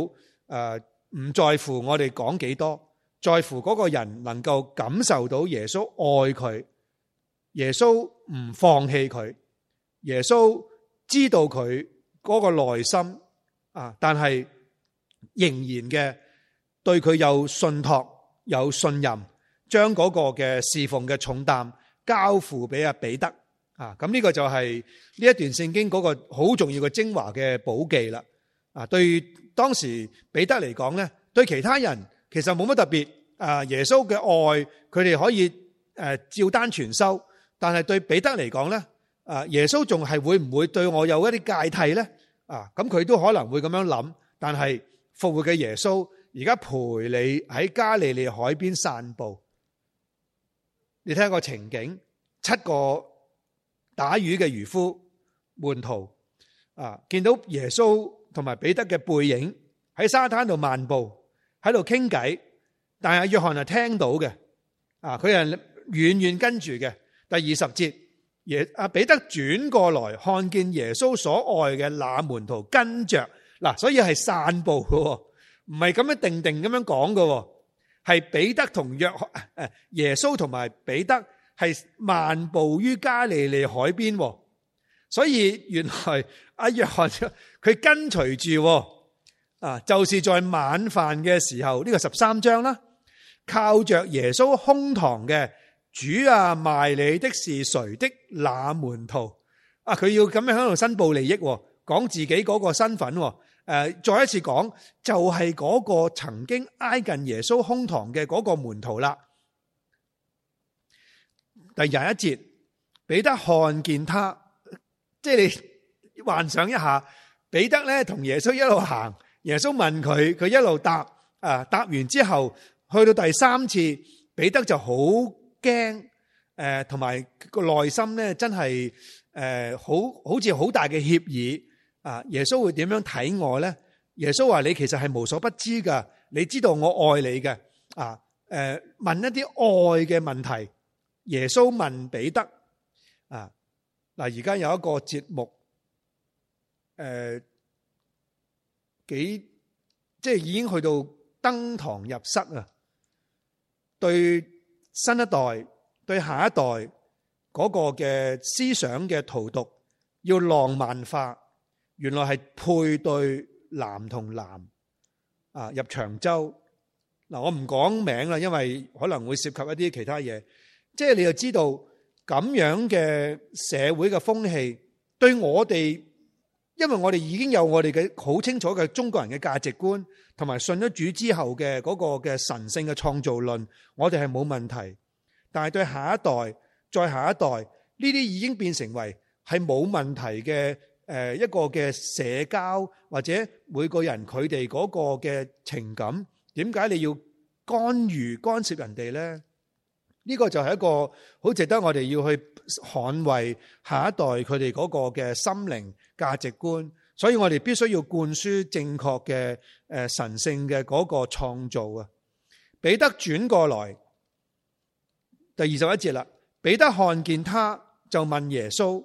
誒，唔在乎我哋講幾多，在乎嗰個人能夠感受到耶穌愛佢，耶穌唔放棄佢，耶穌知道佢嗰個內心。啊！但係仍然嘅對佢有信託、有信任，將嗰個嘅侍奉嘅重擔交付俾阿彼得啊！咁呢個就係呢一段聖經嗰個好重要嘅精華嘅寶記啦！啊，對當時彼得嚟講咧，對其他人其實冇乜特別啊。耶穌嘅愛，佢哋可以誒照單全收，但係對彼得嚟講咧，啊，耶穌仲係會唔會對我有一啲芥蒂咧？啊，咁佢都可能會咁樣諗，但係復活嘅耶穌而家陪你喺加利利海邊散步，你睇下個情景，七個打魚嘅漁夫門徒啊，見到耶穌同埋彼得嘅背影喺沙灘度漫步，喺度傾偈，但係約翰係聽到嘅，啊，佢係遠遠跟住嘅，第二十節。耶阿彼得轉過來，看見耶穌所愛嘅那門徒跟着，嗱，所以係散步嘅，唔係咁樣定定咁樣講嘅，係彼得同約，耶穌同埋彼得係漫步於加利利海邊，所以原來阿約翰佢跟隨住，啊，就是在晚飯嘅時候呢個十三章啦，靠着耶穌胸膛嘅。主啊，賣你的是誰的那門徒啊？佢要咁樣喺度申報利益，講自己嗰個身份。誒、啊，再一次講，就係、是、嗰個曾經挨近耶穌胸膛嘅嗰個門徒啦。第廿一節，彼得看見他，即係你幻想一下，彼得咧同耶穌一路行，耶穌問佢，佢一路答，啊，答完之後去到第三次，彼得就好。驚誒，同埋個內心咧，真係誒，好好似好大嘅協議啊！耶穌會點樣睇我咧？耶穌話：你其實係無所不知噶，你知道我愛你嘅啊！誒，問一啲愛嘅問題。耶穌問彼得啊，嗱，而家有一個節目，誒，幾即係已經去到登堂入室啊，對。新一代對下一代嗰個嘅思想嘅荼毒要浪漫化，原來係配對男同男啊，入長洲嗱，我唔講名啦，因為可能會涉及一啲其他嘢，即係你就知道咁樣嘅社會嘅風氣對我哋。因為我哋已經有我哋嘅好清楚嘅中國人嘅價值觀，同埋信咗主之後嘅嗰個嘅神聖嘅創造論，我哋係冇問題。但係對下一代、再下一代呢啲已經變成為係冇問題嘅誒，一個嘅社交或者每個人佢哋嗰個嘅情感，點解你要干預干涉人哋呢？呢、呢個就係一個好值得我哋要去捍衛下一代佢哋嗰個嘅心靈價值觀，所以我哋必須要灌輸正確嘅誒神聖嘅嗰個創造啊！彼得轉過來第二十一節啦，彼得看見他就問耶穌，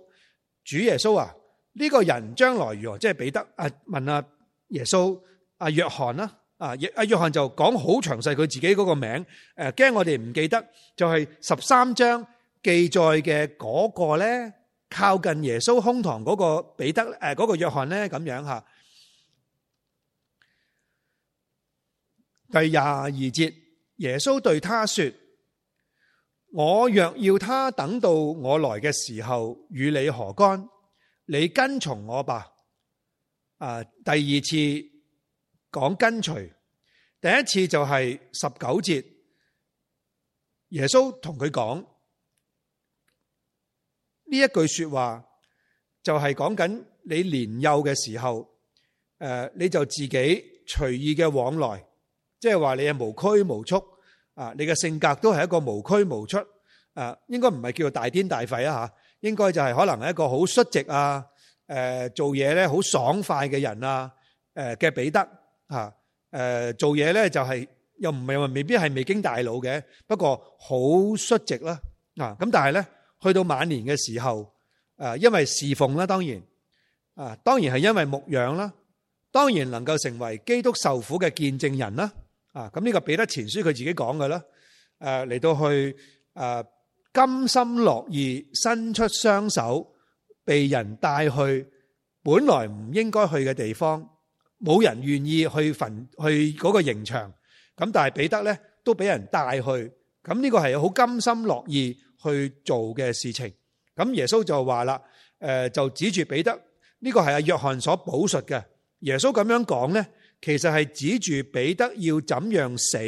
主耶穌啊，呢個人將來如何？即係彼得啊，問啊耶穌啊，約翰啦啊，阿約翰就講好詳細佢自己嗰個名誒，驚我哋唔記得，就係十三章。記載嘅嗰個咧，靠近耶穌胸膛嗰個彼得誒，嗰個約翰咧咁樣吓。第廿二節，耶穌對他說：我若要他等到我來嘅時候，與你何干？你跟從我吧。啊，第二次講跟隨，第一次就係十九節，耶穌同佢講。呢一句說話就係講緊你年幼嘅時候，誒，你就自己隨意嘅往來，即係話你係無拘無束啊！你嘅性格都係一個無拘無束啊，應該唔係叫做大癲大肺啊吓，應該就係可能係一個好率直啊，誒，做嘢咧好爽快嘅人啊，誒嘅彼得吓，誒做嘢咧就係又唔係話未必係未經大腦嘅，不過好率直啦啊！咁但係咧。去到晚年嘅時候，誒，因為侍奉啦，當然，啊，當然係因為牧養啦，當然能夠成為基督受苦嘅見證人啦，啊，咁呢個彼得前書佢自己講嘅啦，誒，嚟到去誒，甘心樂意伸出雙手，被人帶去本來唔應該去嘅地方，冇人願意去墳去嗰個刑場，咁但係彼得咧都俾人帶去，咁呢個係好甘心樂意。去做嘅事情，咁耶穌就話啦，誒，就指住彼得呢，這個係阿約翰所補述嘅。耶穌咁樣講呢，其實係指住彼得要怎樣死，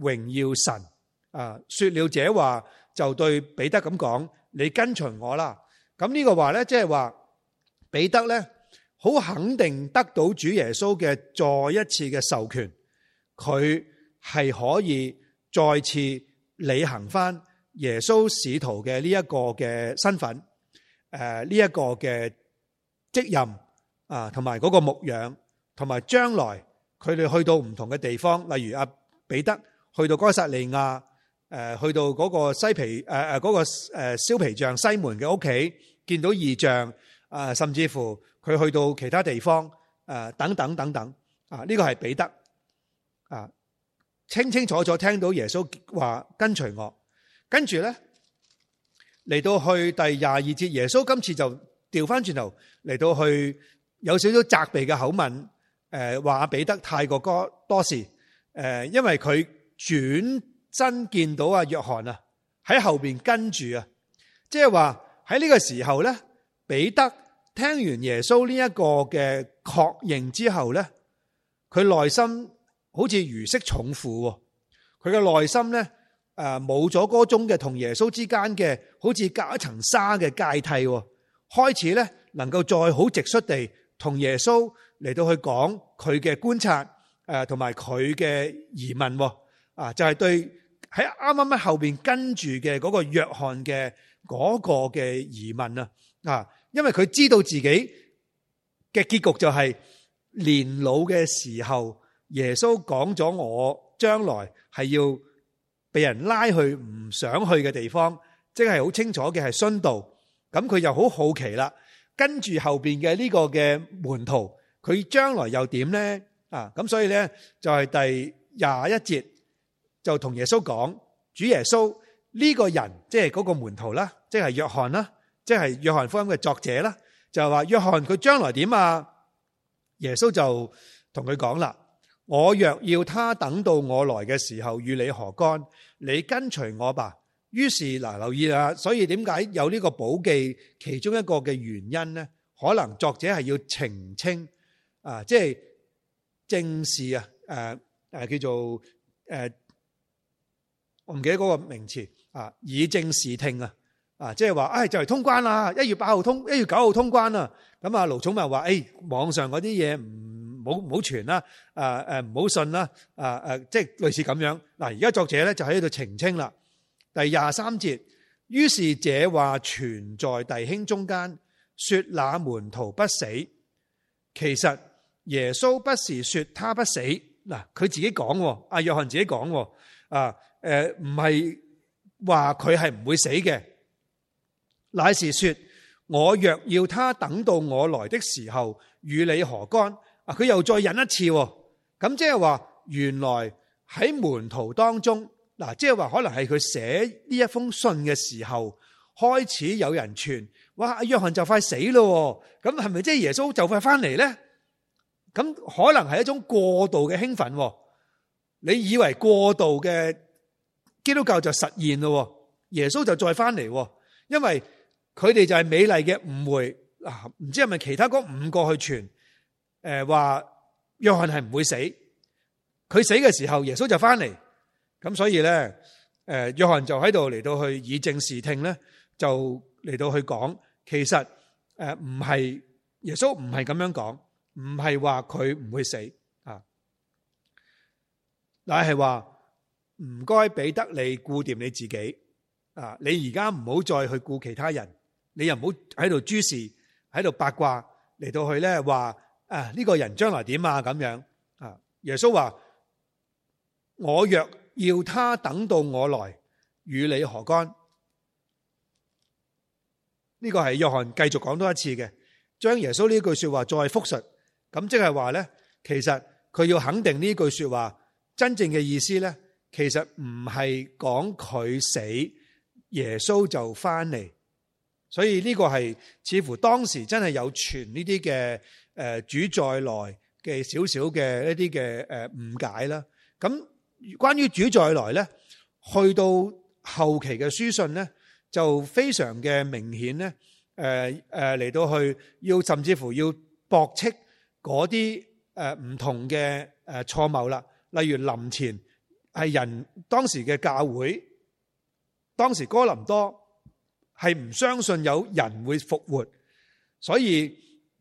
榮耀神啊。說了這話，就對彼得咁講，你跟隨我啦。咁、這、呢個話呢，即係話彼得呢，好肯定得到主耶穌嘅再一次嘅授權，佢係可以再次履行翻。耶穌使徒嘅呢一個嘅身份，誒呢一個嘅職任啊，同埋嗰個牧養，同埋將來佢哋去到唔同嘅地方，例如阿彼得去到哥撒利亞，誒去到嗰個西皮誒誒嗰個誒燒皮匠西門嘅屋企，見到異象啊，甚至乎佢去到其他地方誒等等等等啊，呢個係彼得啊，清清楚楚聽到耶穌話跟隨我。跟住咧，嚟到去第廿二節，耶穌今次就調翻轉頭嚟到去有少少責備嘅口吻，誒話彼得太過多多事，誒因為佢轉身見到阿約翰啊喺後邊跟住啊，即係話喺呢個時候咧，彼得聽完耶穌呢一個嘅確認之後咧，佢內心好似如釋重負，佢嘅內心咧。誒，冇咗嗰種嘅同耶穌之間嘅，好似隔一層紗嘅芥蒂，開始咧能夠再好直率地同耶穌嚟到去講佢嘅觀察，誒，同埋佢嘅疑問，啊，就係對喺啱啱喺後邊跟住嘅嗰個約翰嘅嗰個嘅疑問啊，啊，因為佢知道自己嘅結局就係年老嘅時候，耶穌講咗我將來係要被人拉去唔想去嘅地方，即係好清楚嘅係殉道。咁佢就好好奇啦，跟住後邊嘅呢個嘅門徒，佢將來又點咧？啊咁，所以咧就係第廿一節就同耶穌講：主耶穌呢個人即係嗰個門徒啦，即係約翰啦，即係約翰福音嘅作者啦，就話約翰佢將來點啊？耶穌就同佢講啦。我若要他等到我來嘅時候，與你何干？你跟隨我吧。於是嗱，留意啦。所以點解有呢個補記？其中一個嘅原因咧，可能作者係要澄清啊、呃，即係正視啊，誒、呃、誒、呃，叫做誒、呃，我唔記得嗰個名詞啊、呃，以正視聽啊，啊、呃，即係話，哎，就係通關啦，一月八號通，一月九號通關啦。咁啊，盧寵茂話，誒、哎，網上嗰啲嘢唔，唔好唔好傳啦，唔好、呃呃、信啦、呃，即係類似咁樣。嗱，而家作者咧就喺度澄清啦。第二十三節，於是這話傳在弟兄中間，說那門徒不死。其實耶穌不是說他不死，嗱、呃、佢自己講，阿、啊、約翰自己講，啊唔係話佢係唔會死嘅，乃是說我若要他等到我來的時候，與你何干？啊！佢又再忍一次，咁即係話原來喺門徒當中，嗱，即係話可能係佢寫呢一封信嘅時候，開始有人傳，哇！阿約翰就快死咯，咁係咪即係耶穌就快翻嚟咧？咁可能係一種過度嘅興奮，你以為過度嘅基督教就實現咯，耶穌就再翻嚟，因為佢哋就係美麗嘅誤會，嗱，唔知係咪其他嗰五個去傳？誒，話約翰係唔會死，佢死嘅時候耶穌就翻嚟，咁所以咧，誒，約翰就喺度嚟到去以正視聽咧，就嚟到去講，其實誒唔係耶穌唔係咁樣講，唔係話佢唔會死啊，乃係話唔該俾得你顧掂你自己啊，你而家唔好再去顧其他人，你又唔好喺度諸事喺度八卦嚟到去咧話。啊！呢個人將來點啊？咁樣啊？耶穌話：我若要他等到我來，與你何干？呢、這個係約翰繼續講多一次嘅，將耶穌呢句說話再複述。咁即係話呢，其實佢要肯定呢句說話真正嘅意思呢，其實唔係講佢死，耶穌就翻嚟。所以呢個係似乎當時真係有傳呢啲嘅。誒，主再來嘅少少嘅一啲嘅誒誤解啦。咁關於主再來咧，去到後期嘅書信咧，就非常嘅明顯咧。誒誒，嚟到去要甚至乎要駁斥嗰啲誒唔同嘅誒錯謬啦。例如臨前係人當時嘅教會，當時哥林多係唔相信有人會復活，所以。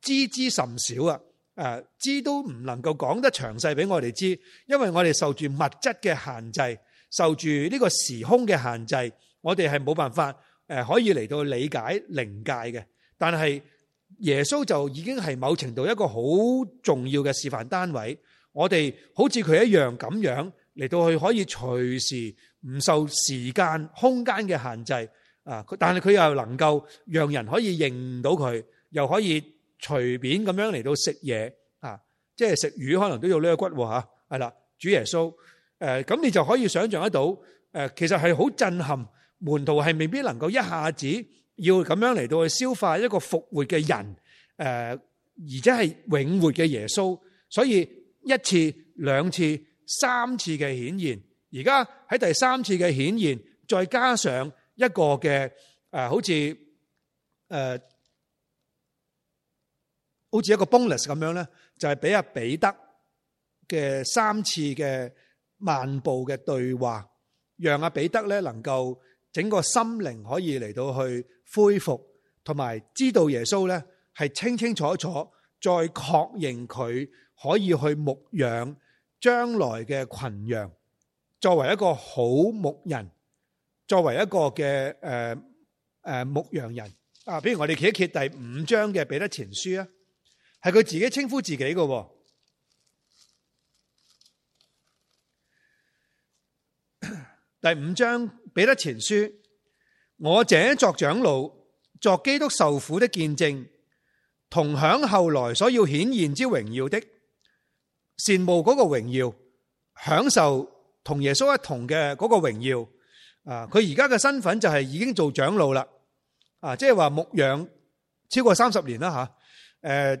知之甚少啊！誒，知都唔能夠講得詳細俾我哋知，因為我哋受住物質嘅限制，受住呢個時空嘅限制，我哋係冇辦法誒可以嚟到理解靈界嘅。但係耶穌就已經係某程度一個好重要嘅示範單位，我哋好似佢一樣咁樣嚟到去可以隨時唔受時間空間嘅限制啊！但係佢又能夠讓人可以認到佢，又可以。隨便咁樣嚟到食嘢啊，即係食魚，可能都要呢個骨喎嚇，係啦，主耶穌，誒咁你就可以想像得到，誒其實係好震撼，門徒係未必能夠一下子要咁樣嚟到去消化一個復活嘅人，誒而且係永活嘅耶穌，所以一次、兩次、三次嘅顯現，而家喺第三次嘅顯現，再加上一個嘅誒好似誒。好似一個 bonus 咁樣咧，就係俾阿彼得嘅三次嘅漫步嘅對話，讓阿彼得咧能夠整個心靈可以嚟到去恢復，同埋知道耶穌咧係清清楚楚，再確認佢可以去牧養將來嘅群羊，作為一個好牧人，作為一個嘅誒誒牧羊人啊。比如我哋揭一揭第五章嘅彼得前書啊。係佢自己稱呼自己嘅。第五章彼得前書，我這作長老，作基督受苦的見證，同享後來所要顯現之榮耀的，羨慕嗰個榮耀，享受同耶穌一同嘅嗰個榮耀。啊，佢而家嘅身份就係已經做長老啦。啊，即係話牧養超過三十年啦吓，誒。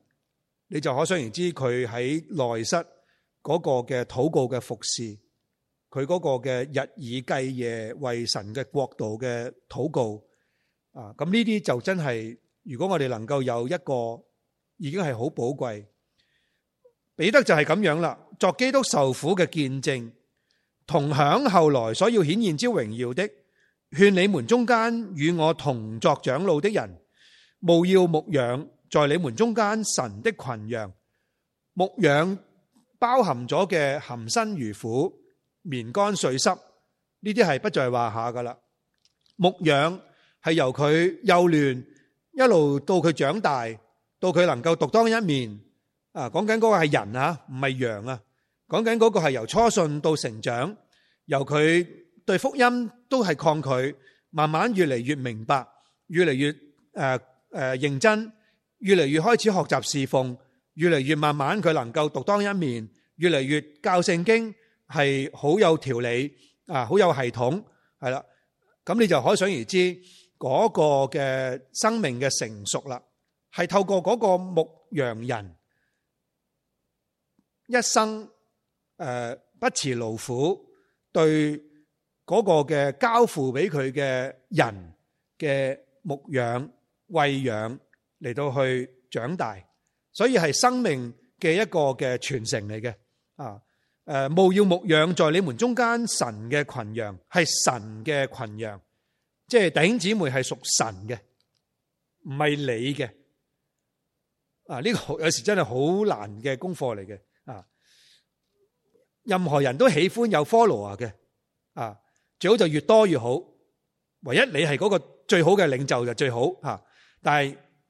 你就可想而知，佢喺內室嗰個嘅禱告嘅服侍，佢嗰個嘅日以繼夜為神嘅國度嘅禱告啊！咁呢啲就真係，如果我哋能夠有一個，已經係好寶貴。彼得就係咁樣啦，作基督受苦嘅見證，同享後來所要顯現之榮耀的，勸你們中間與我同作長老的人，務要牧養。在你們中間，神的群羊牧養，包含咗嘅含辛茹苦、眠乾睡濕，呢啲係不在話下噶啦。牧養係由佢幼嫩一路到佢長大，到佢能夠獨當一面。啊，講緊嗰個係人啊，唔係羊啊。講緊嗰個係由初信到成長，由佢對福音都係抗拒，慢慢越嚟越明白，越嚟越誒誒認真。越嚟越開始學習侍奉，越嚟越慢慢佢能夠獨當一面，越嚟越教聖經係好有條理啊，好有系統係啦。咁你就可想而知嗰個嘅生命嘅成熟啦，係透過嗰個牧羊人，一生誒不辭勞苦對嗰個嘅交付俾佢嘅人嘅牧養餵養，嚟到去長大，所以係生命嘅一個嘅傳承嚟嘅啊！誒，務要牧養在你們中間，神嘅群羊係神嘅群羊，即係弟兄姊妹係屬神嘅，唔係你嘅啊！呢個有時真係好難嘅功課嚟嘅啊！任何人都喜歡有 follower 嘅啊，最好就越多越好，唯一你係嗰個最好嘅領袖就最好吓，但係。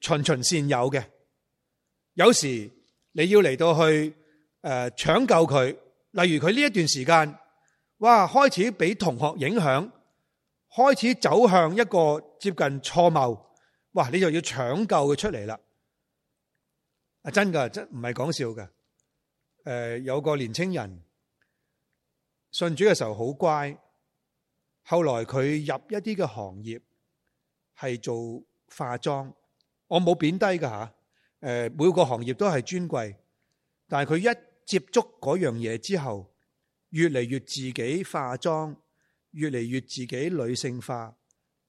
循循善誘嘅，有時你要嚟到去誒，搶救佢，例如佢呢一段時間，哇開始俾同學影響，開始走向一個接近錯謬，哇你就要搶救佢出嚟啦。啊真噶，真唔係講笑噶。誒，有個年青人信主嘅時候好乖，後來佢入一啲嘅行業係做化妝。我冇貶低噶吓，誒，每個行業都係尊貴，但係佢一接觸嗰樣嘢之後，越嚟越自己化妝，越嚟越自己女性化，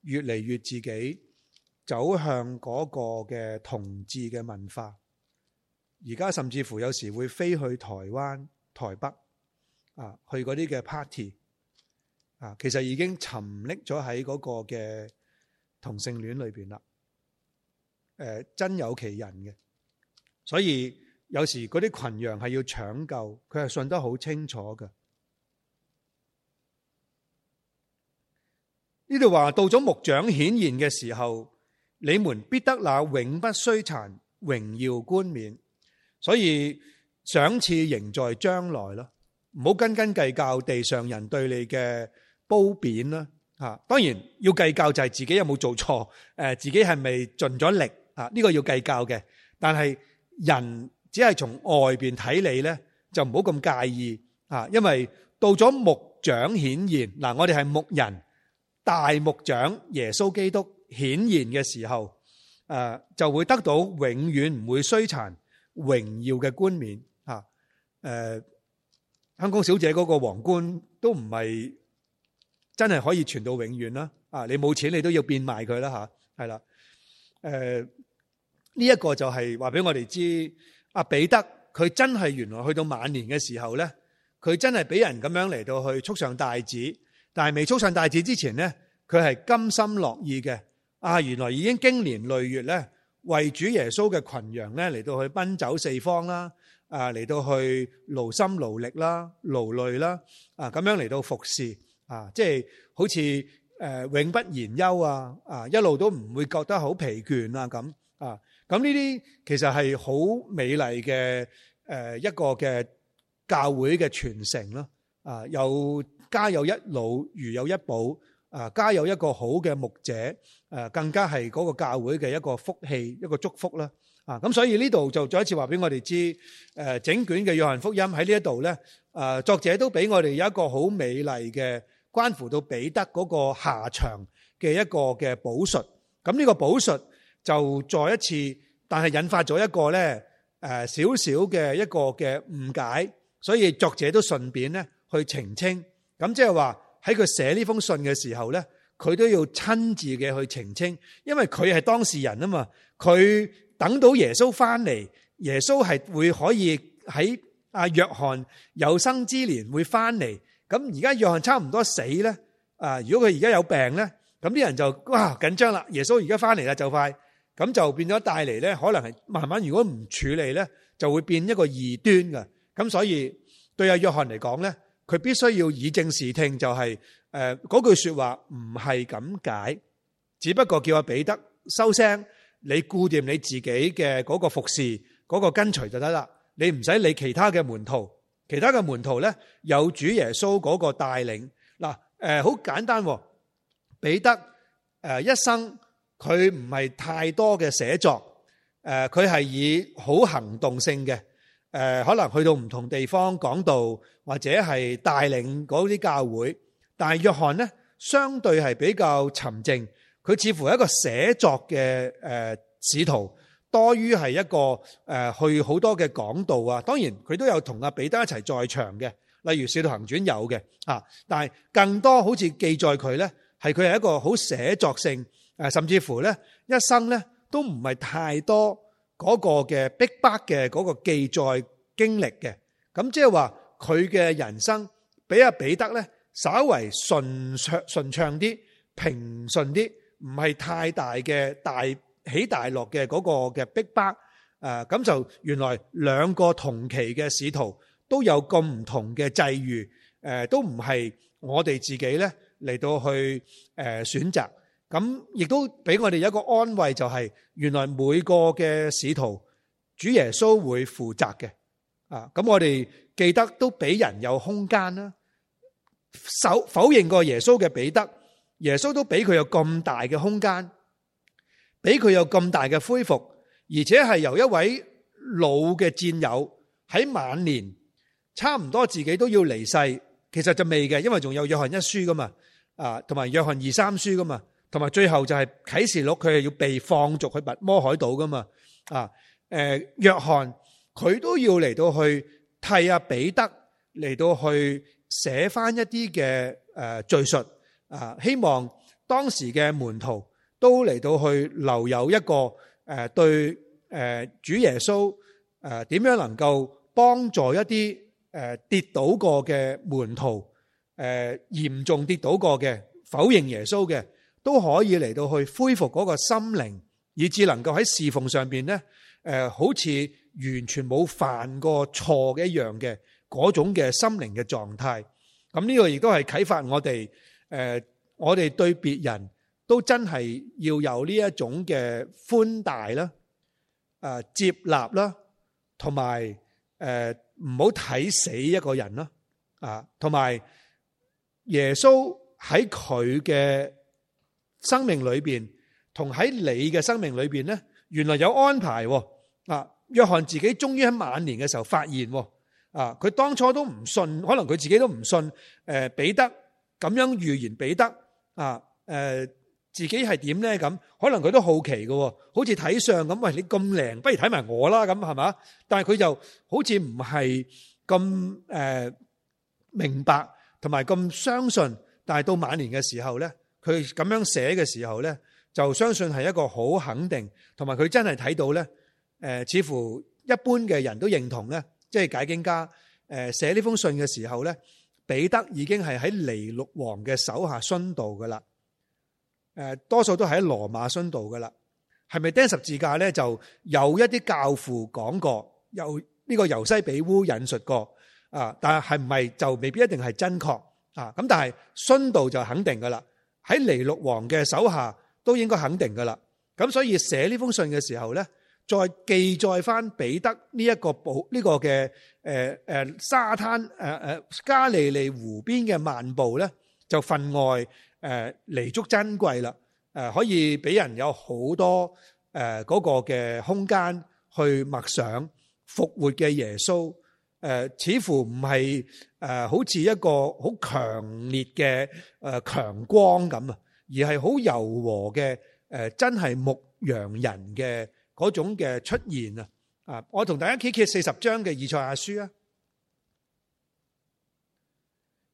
越嚟越自己走向嗰個嘅同志嘅文化。而家甚至乎有時會飛去台灣、台北啊，去嗰啲嘅 party 啊，其實已經沉溺咗喺嗰個嘅同性戀裏邊啦。誒，真有其人嘅，所以有時嗰啲群羊係要搶救，佢係信得好清楚嘅。呢度話到咗牧長顯現嘅時候，你們必得那永不衰殘榮耀冠冕。所以賞賜仍在將來囉，唔好斤斤計較地上人對你嘅褒貶啦。吓，當然要計較就係自己有冇做錯，誒，自己係咪盡咗力。啊！呢個要計較嘅，但係人只係從外邊睇你咧，就唔好咁介意啊！因為到咗牧長顯現嗱，我哋係牧人大牧長耶穌基督顯現嘅時候，誒就會得到永遠唔會衰殘榮耀嘅冠冕啊！誒，香港小姐嗰個皇冠都唔係真係可以傳到永遠啦！啊，你冇錢你都要變賣佢啦嚇，係啦，誒。呢一個就係話俾我哋知，阿彼得佢真係原來去到晚年嘅時候咧，佢真係俾人咁樣嚟到去束上帶子，但係未束上帶子之前呢，佢係甘心樂意嘅。啊，原來已經經年累月咧，為主耶穌嘅群羊咧嚟到去奔走四方啦，啊嚟到去勞心勞力啦、勞累啦，啊咁樣嚟到服侍，啊即係、就是、好似誒、啊、永不言休啊，啊一路都唔會覺得好疲倦啊咁啊。咁呢啲其實係好美麗嘅，誒一個嘅教會嘅傳承咯啊，有家有一老如有一寶啊，家有一個好嘅牧者誒，更加係嗰個教會嘅一個福氣一個祝福啦啊，咁所以呢度就再一次話俾我哋知誒整卷嘅約翰福音喺呢一度咧誒作者都俾我哋有一個好美麗嘅關乎到彼得嗰個下場嘅一個嘅補述，咁呢個補述。就再一次，但係引發咗一個咧誒少少嘅一個嘅誤解，所以作者都順便咧去澄清。咁即係話喺佢寫呢封信嘅時候咧，佢都要親自嘅去澄清，因為佢係當事人啊嘛。佢等到耶穌翻嚟，耶穌係會可以喺阿約翰有生之年會翻嚟。咁而家約翰差唔多死咧，啊如果佢而家有病咧，咁啲人就哇緊張啦！耶穌而家翻嚟啦，就快。咁就變咗帶嚟咧，可能係慢慢，如果唔處理咧，就會變一個異端噶。咁所以對阿約翰嚟講咧，佢必須要以正視聽，就係誒嗰句說話唔係咁解，只不過叫阿彼得收聲，你顧掂你自己嘅嗰個服侍、嗰個跟隨就得啦，你唔使理其他嘅門徒，其他嘅門徒咧有主耶穌嗰個帶領嗱，誒好簡單，彼得誒一生。佢唔係太多嘅寫作，誒，佢係以好行動性嘅，誒，可能去到唔同地方講道，或者係帶領嗰啲教會。但係約翰呢，相對係比較沉靜，佢似乎係一個寫作嘅誒使徒，多於係一個誒去好多嘅講道啊。當然佢都有同阿彼得一齊在場嘅，例如使徒行傳有嘅啊。但係更多好似記載佢呢，係佢係一個好寫作性。誒，甚至乎咧，一生咧都唔係太多嗰個嘅逼迫、嘅嗰個記載經歷嘅，咁即係話佢嘅人生比阿彼得咧稍為順暢，順暢啲、平順啲，唔係太大嘅大起大落嘅嗰個嘅逼迫。誒，咁就原來兩個同期嘅使徒都有咁唔同嘅際遇，誒，都唔係我哋自己咧嚟到去誒選擇。咁亦都俾我哋一個安慰，就係原來每個嘅使徒，主耶穌會負責嘅，啊！咁我哋記得都俾人有空間啦。否否認過耶穌嘅彼得，耶穌都俾佢有咁大嘅空間，俾佢有咁大嘅恢復，而且係由一位老嘅戰友喺晚年，差唔多自己都要離世，其實就未嘅，因為仲有約翰一書噶嘛，啊，同埋約翰二三書噶嘛。同埋最後就係啟示錄佢係要被放逐去拔摩海島噶嘛啊？誒，約翰佢都要嚟到去替阿彼得嚟到去寫返一啲嘅誒敘述啊，希望當時嘅門徒都嚟到去留有一個誒對誒主耶穌誒點樣能夠幫助一啲誒跌倒過嘅門徒誒嚴重跌倒過嘅否認耶穌嘅。都可以嚟到去恢復嗰個心靈，以致能夠喺侍奉上邊咧，誒，好似完全冇犯過錯嘅一樣嘅嗰種嘅心靈嘅狀態。咁呢個亦都係啟發我哋，誒，我哋對別人都真係要有呢一種嘅寬大啦，誒，接納啦，同埋誒唔好睇死一個人啦，啊，同埋耶穌喺佢嘅。生命裏邊同喺你嘅生命裏邊咧，原來有安排。啊，約翰自己終於喺晚年嘅時候發現，啊，佢當初都唔信，可能佢自己都唔信。誒、呃，彼得咁樣預言彼得啊，誒、呃，自己係點咧？咁可能佢都好奇嘅，好似睇相咁，喂，你咁靈，不如睇埋我啦，咁係嘛？但係佢就好似唔係咁誒明白，同埋咁相信。但係到晚年嘅時候咧。佢咁樣寫嘅時候咧，就相信係一個好肯定，同埋佢真係睇到咧。誒，似乎一般嘅人都認同咧，即係解經家。誒，寫呢封信嘅時候咧，彼得已經係喺尼祿王嘅手下殉道噶啦。誒，多數都係喺羅馬殉道噶啦。係咪釘十字架咧？就有一啲教父講過，由呢個尤西比烏引述過啊。但係係唔係就未必一定係真確啊？咁但係殉道就肯定噶啦。喺尼祿王嘅手下，都應該肯定噶啦。咁所以寫呢封信嘅時候咧，再記載翻彼得呢一個步呢個嘅誒誒沙灘誒誒加利利湖邊嘅漫步咧，就分外誒彌足珍貴啦。誒，可以俾人有好多誒嗰個嘅空間去默想復活嘅耶穌。誒、呃，似乎唔係誒，好似一個好強烈嘅誒、呃、強光咁啊，而係好柔和嘅誒、呃，真係牧羊人嘅嗰種嘅出現啊！啊，我同大家揭揭四十章嘅以賽亞書啊，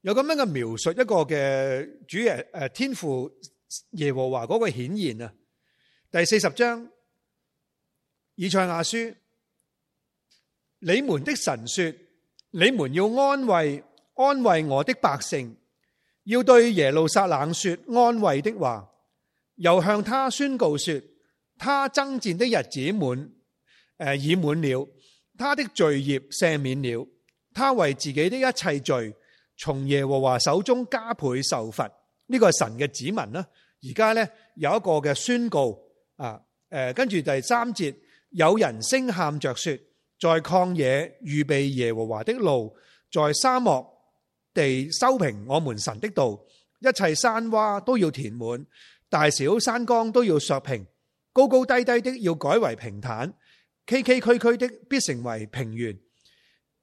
有咁樣嘅描述一個嘅主誒誒、呃，天父耶和華嗰個顯現啊。第四十章以賽亞書。你們的神說：你們要安慰安慰我的百姓，要對耶路撒冷說安慰的話，又向他宣告說：他爭戰的日子滿誒已滿了，他的罪孽赦免了，他為自己的一切罪從耶和華手中加倍受罰。呢、呢個係神嘅指紋呢，而家呢，有一個嘅宣告啊，誒，跟住第三節，有人聲喊着說。在曠野預備耶和華的路，在沙漠地修平我們神的道，一切山洼都要填滿，大小山岡都要削平，高高低低的要改為平坦，崎崎嶇嶇的必成為平原。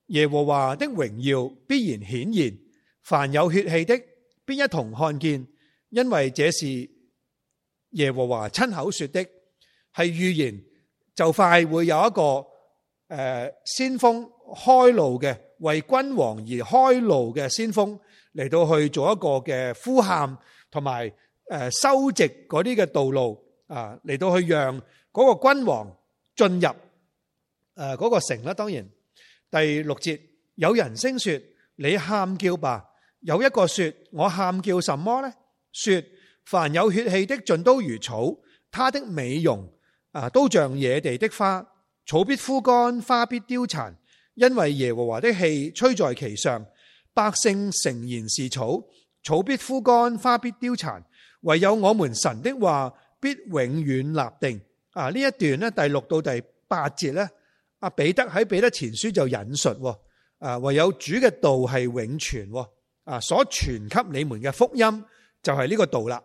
耶和華的榮耀必然顯現，凡有血氣的必一同看見，因為這是耶和華親口說的，係預言，就快會有一個。誒，先鋒開路嘅，為君王而開路嘅先鋒嚟到去做一個嘅呼喊，同埋誒修直嗰啲嘅道路啊，嚟到去讓嗰個君王進入誒嗰個城啦。當然，第六節有人聲說，你喊叫吧。有一個說，我喊叫什麼呢？說凡有血氣的，盡都如草，他的美容啊，都像野地的花。草必枯乾，花必凋殘，因為耶和華的氣吹在其上。百姓誠然是草，草必枯乾，花必凋殘。唯有我們神的話必永遠立定。啊，呢一段呢，第六到第八節咧，阿彼得喺彼得前書就引述，啊，唯有主嘅道係永存，啊，所傳給你們嘅福音就係呢個道啦。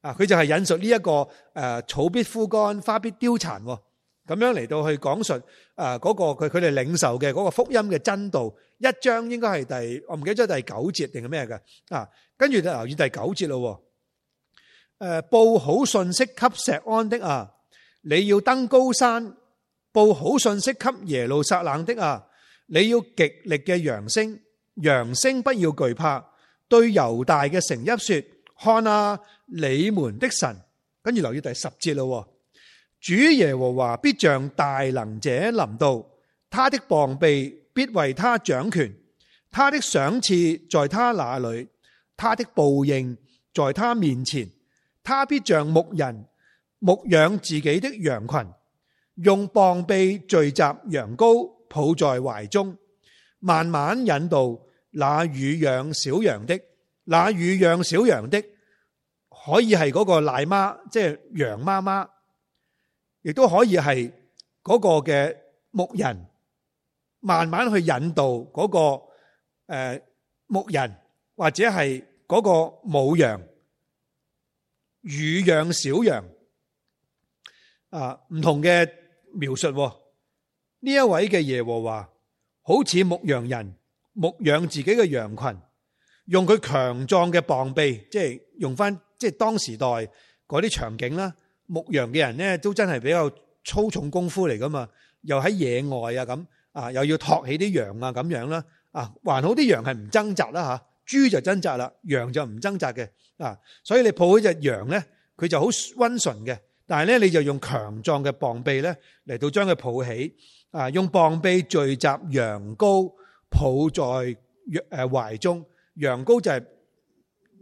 啊，佢就係引述呢、這、一個誒、啊，草必枯乾，花必凋殘。啊咁樣嚟到去講述啊嗰個佢佢哋領受嘅嗰個福音嘅真道，一章應該係第我唔記得咗第九節定係咩嘅啊？跟住就留意第九節咯，誒，報好信息給錫安的啊，你要登高山；報好信息給耶路撒冷的啊，你要極力嘅揚聲，揚聲不要懼怕，對猶大嘅城邑說：看啊，你們的神。跟住留意第十節咯。主耶和華必像大能者臨到，他的膀臂必為他掌權，他的賞賜在他那裏，他的報應在他面前，他必像牧人牧養自己的羊群，用膀臂聚集羊羔，抱在懷中，慢慢引導那乳養小羊的，那乳養小羊的可以係嗰個奶媽，即係羊媽媽。亦都可以係嗰個嘅牧人，慢慢去引導嗰個誒牧人或者係嗰個母羊，乳養小羊啊，唔同嘅描述。呢一位嘅耶和華，好似牧羊人牧養自己嘅羊群，用佢強壯嘅膀臂，即係用翻即係當時代嗰啲場景啦。牧羊嘅人咧，都真係比較粗重功夫嚟噶嘛，又喺野外啊咁啊，又要托起啲羊啊咁樣啦啊，還好啲羊係唔掙扎啦吓，豬就掙扎啦，羊就唔掙扎嘅啊，所以你抱起隻羊咧，佢就好溫順嘅，但係咧，你就用強壯嘅膀臂咧嚟到將佢抱起啊，用膀臂聚集羊羔，抱在誒懷中，羊羔就係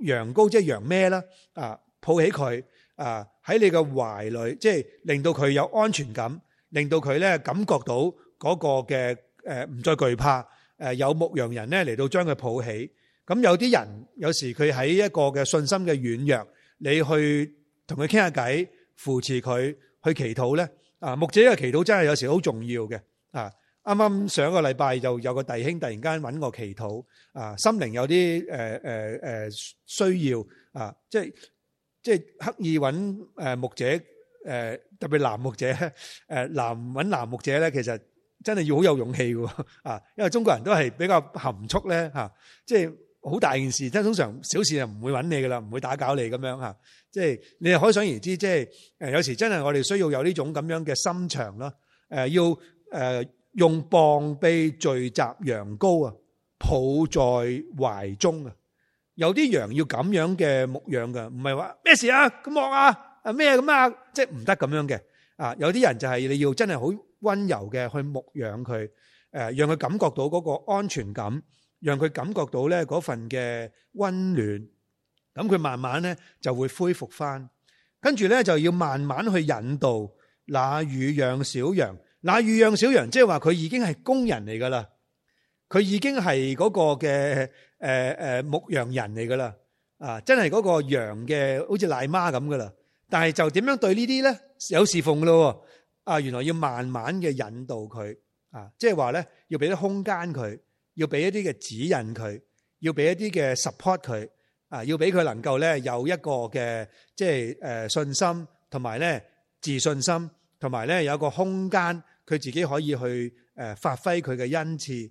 羊羔，即係羊咩啦啊，抱起佢。啊！喺你嘅懷裏，即係令到佢有安全感，令到佢咧感覺到嗰個嘅誒唔再懼怕。誒，有牧羊人咧嚟到將佢抱起。咁有啲人有時佢喺一個嘅信心嘅軟弱，你去同佢傾下偈，扶持佢去祈禱咧。啊，牧者嘅祈禱真係有時好重要嘅。啊，啱啱上一個禮拜就有個弟兄突然間揾我祈禱。啊，心靈有啲誒誒誒需要。啊，即係。即係刻意揾誒牧者，誒特別男牧者咧，誒男揾男牧者咧，其實真係要好有勇氣嘅喎，啊！因為中國人都係比較含蓄咧，嚇，即係好大件事，即係通常小事就唔會揾你噶啦，唔會打攪你咁樣嚇。即係你又可想而知，即係誒有時真係我哋需要有呢種咁樣嘅心腸咯，誒要誒用膀臂聚集羊羔啊，抱在懷中啊。有啲羊要咁樣嘅牧養㗎，唔係話咩事啊？咁惡啊？啊咩咁啊？即係唔得咁樣嘅啊！有啲人就係你要真係好溫柔嘅去牧養佢，誒，讓佢感覺到嗰個安全感，讓佢感覺到咧嗰份嘅溫暖，咁佢慢慢咧就會恢復翻。跟住咧就要慢慢去引導那預養小羊，那預養小羊即係話佢已經係工人嚟噶啦。佢已經係嗰個嘅誒誒牧羊人嚟㗎啦，啊，真係嗰個羊嘅，好似奶媽咁㗎啦。但係就點樣對呢啲咧？有侍奉㗎咯喎，啊，原來要慢慢嘅引導佢，啊，即係話咧，要俾啲空間佢，要俾一啲嘅指引佢，要俾一啲嘅 support 佢，啊，要俾佢能夠咧有一個嘅即係、呃、信心，同埋咧自信心，同埋咧有呢有一個空間佢自己可以去誒、呃、發揮佢嘅恩賜。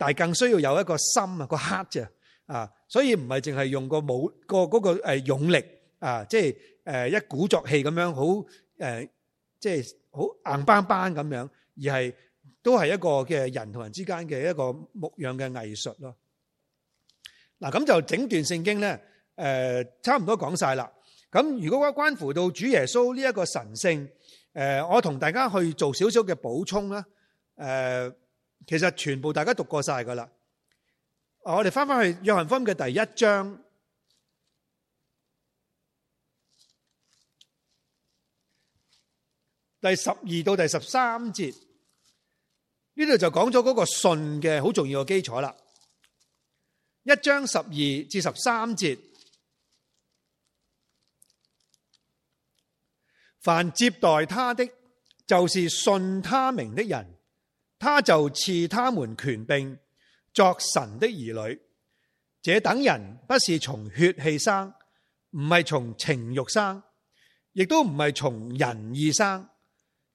但係更需要有一個心啊，個刻啫啊，所以唔係淨係用個武個嗰個誒勇力啊，即係誒一鼓作氣咁樣好誒，即係好硬邦邦咁樣，就是、斑斑而係都係一個嘅人同人之間嘅一個牧養嘅藝術咯。嗱，咁就整段聖經咧，誒差唔多講晒啦。咁如果我關乎到主耶穌呢一個神性，誒我同大家去做少少嘅補充啦，誒、呃。其實全部大家讀過晒噶啦，我哋翻翻去約翰福音嘅第一章，第十二到第十三節，呢度就講咗嗰個信嘅好重要嘅基礎啦。一章十二至十三節，凡接待他的，就是信他名的人。他就賜他們權柄作神的兒女。這等人不是從血氣生，唔係從情慾生，亦都唔係從人意生，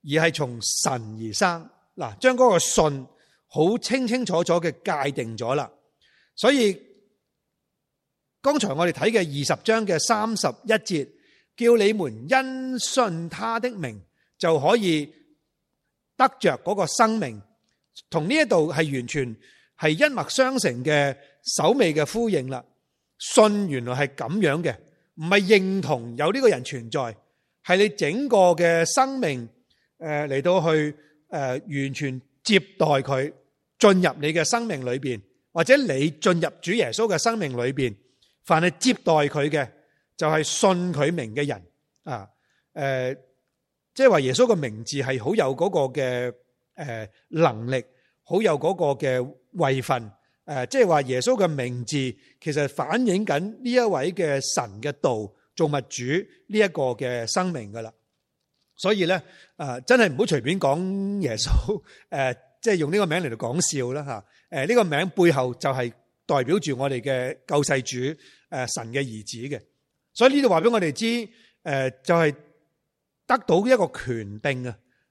而係從神而生。嗱，將嗰個信好清清楚楚嘅界定咗啦。所以剛才我哋睇嘅二十章嘅三十一節，叫你們因信他的名就可以得着嗰個生命。同呢一度係完全係一脈相承嘅首尾嘅呼應啦。信原來係咁樣嘅，唔係認同有呢個人存在，係你整個嘅生命誒嚟到去誒完全接待佢進入你嘅生命裏邊，或者你進入主耶穌嘅生命裏邊，凡係接待佢嘅就係信佢名嘅人啊。誒，即係話耶穌嘅名字係好有嗰個嘅。誒，能力好有嗰個嘅位份，誒，即係話耶穌嘅名字，其實反映緊呢一位嘅神嘅道，造物主呢一個嘅生命噶啦。所以咧，誒，真係唔好隨便講耶穌，誒，即係用呢個名嚟到講笑啦吓。誒，呢個名背後就係代表住我哋嘅救世主，誒，神嘅兒子嘅。所以呢度話俾我哋知，誒，就係得到一個權柄。啊。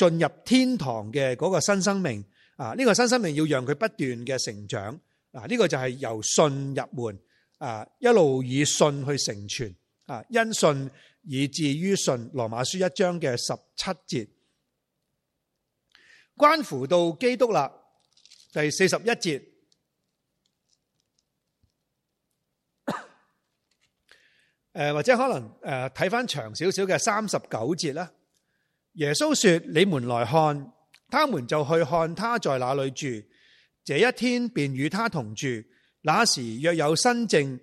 進入天堂嘅嗰個新生命啊，呢個新生命要讓佢不斷嘅成長啊，呢個就係由信入門啊，一路以信去成全啊，因信以至於信。羅馬書一章嘅十七節，關乎到基督啦，第四十一節，誒或者可能誒睇翻長少少嘅三十九節啦。耶穌說：你們來看，他們就去看他在哪裏住，這一天便與他同住。那時約有申正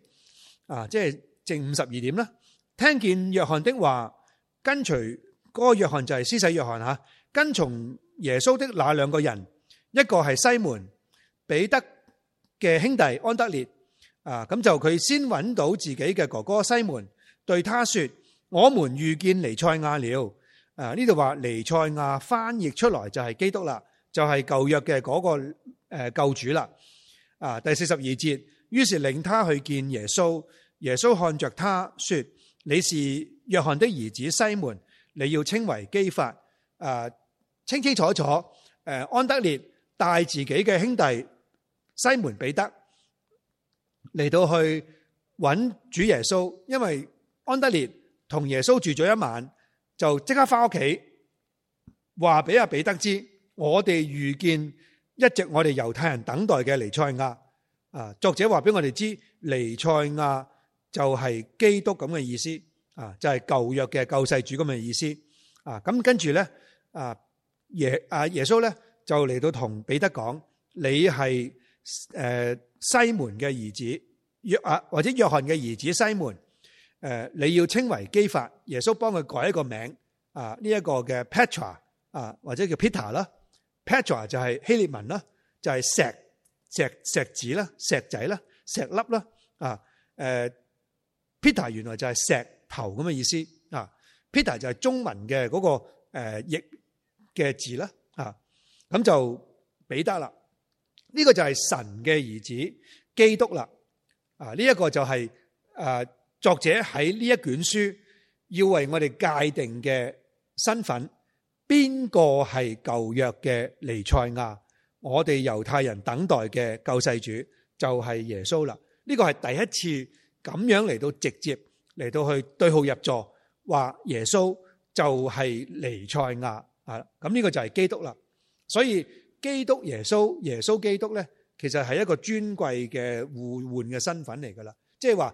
啊，即係正午十二點啦。聽見約翰的話，跟隨嗰、那個約翰就係施洗約翰吓、啊，跟從耶穌的那兩個人，一個係西門彼得嘅兄弟安德烈啊，咁就佢先揾到自己嘅哥哥西門，對他說：我們遇見彌賽亞了。啊！呢度話尼賽亞翻譯出來就係基督啦，就係舊約嘅嗰個誒救主啦。啊，第四十二節，於是領他去見耶穌。耶穌看着他說：你是約翰的兒子西門，你要稱爲基法。啊，清清楚楚。誒，安德烈帶自己嘅兄弟西門彼得嚟到去揾主耶穌，因爲安德烈同耶穌住咗一晚。就即刻翻屋企，話俾阿彼得知，我哋遇見一直我哋猶太人等待嘅尼賽亞。啊，作者話俾我哋知，尼賽亞就係基督咁嘅意思。啊，就係舊約嘅救世主咁嘅意思。啊，咁跟住咧，啊耶啊耶穌咧就嚟到同彼得講，你係誒西門嘅兒子約啊，或者約翰嘅兒子西門。誒，你要稱為基法，耶穌幫佢改一個名啊！呢一個嘅 Petra 啊，或者叫 Peter 啦，Petra 就係希列文啦，就係石石石子啦、石仔啦、石粒啦啊！誒，Peter 原來就係石頭咁嘅意思啊，Peter 就係中文嘅嗰個誒譯嘅字啦啊，咁就彼得啦，呢個就係神嘅兒子基督啦啊！呢一個就係誒。作者喺呢一卷書要為我哋界定嘅身份，邊個係舊約嘅彌賽亞？我哋猶太人等待嘅救世主就係耶穌啦。呢個係第一次咁樣嚟到直接嚟到去對號入座，話耶穌就係彌賽亞啊。咁、這、呢個就係基督啦。所以基督耶穌耶穌基督咧，其實係一個尊貴嘅互換嘅身份嚟噶啦，即係話。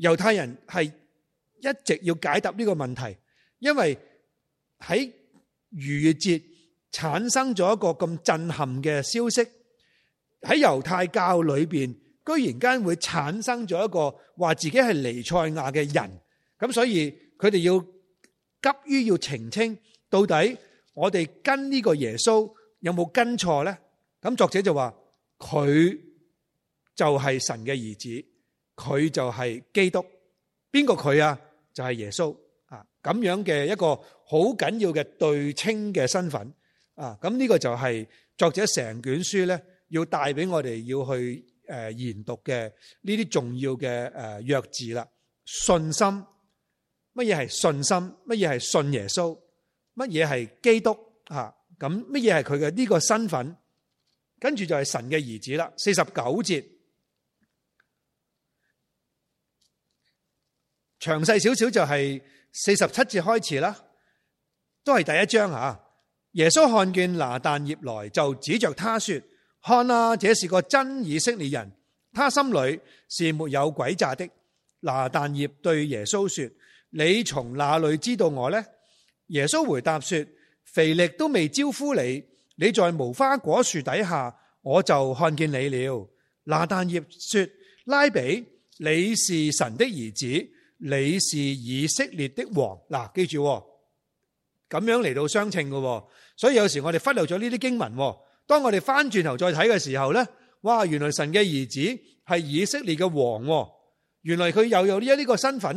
猶太人係一直要解答呢個問題，因為喺逾越節產生咗一個咁震撼嘅消息，喺猶太教裏邊，居然間會產生咗一個話自己係尼賽亞嘅人，咁所以佢哋要急於要澄清，到底我哋跟呢個耶穌有冇跟錯呢？咁作者就話佢就係神嘅兒子。佢就係基督，邊個佢啊？就係、是、耶穌啊！咁樣嘅一個好緊要嘅對稱嘅身份啊！咁、這、呢個就係作者成卷書咧，要帶俾我哋要去誒研讀嘅呢啲重要嘅誒約字啦。信心，乜嘢係信心？乜嘢係信耶穌？乜嘢係基督？吓，咁乜嘢係佢嘅呢個身份？跟住就係神嘅兒子啦。四十九節。詳細少少就係四十七節開始啦，都係第一章吓、啊。耶穌看見拿但業來，就指著他說：看啊，這是個真以色列人，他心裏是沒有鬼詐的。拿但業對耶穌說：你從哪裏知道我呢？耶穌回答說：腓力都未招呼你，你在無花果樹底下，我就看見你了。拿但業說：拉比，你是神的兒子。你是以色列的王，嗱，記住咁樣嚟到相稱嘅，所以有時我哋忽略咗呢啲經文。當我哋翻轉頭再睇嘅時候咧，哇，原來神嘅兒子係以色列嘅王，原來佢又有呢一個身份。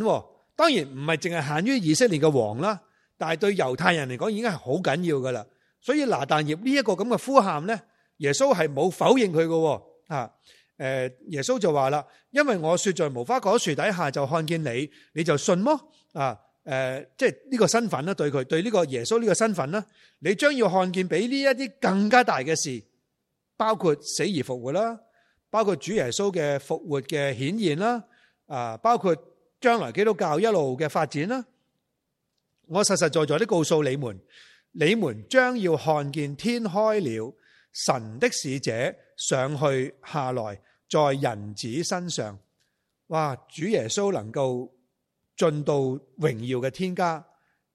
當然唔係淨係限於以色列嘅王啦，但係對猶太人嚟講已經係好緊要噶啦。所以拿但業呢一個咁嘅呼喊咧，耶穌係冇否認佢嘅喎。誒，耶穌就話啦，因為我說在無花果樹底下就看見你，你就信麼？啊，誒、呃，即係呢個身份啦，對佢，對呢個耶穌呢個身份啦，你將要看見比呢一啲更加大嘅事，包括死而復活啦，包括主耶穌嘅復活嘅顯現啦，啊，包括將來基督教一路嘅發展啦，我實實在在的告訴你們，你們將要看見天開了，神的使者。上去下來，在人子身上，哇！主耶穌能夠進到榮耀嘅天家，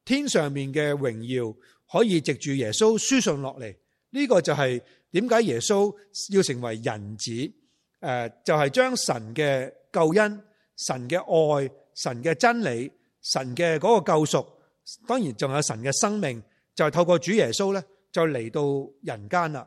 天上面嘅榮耀可以藉住耶穌輸送落嚟。呢，這個就係點解耶穌要成為人子？誒，就係、是、將神嘅救恩、神嘅愛、神嘅真理、神嘅嗰個救贖，當然仲有神嘅生命，就係、是、透過主耶穌咧，就嚟到人間啦。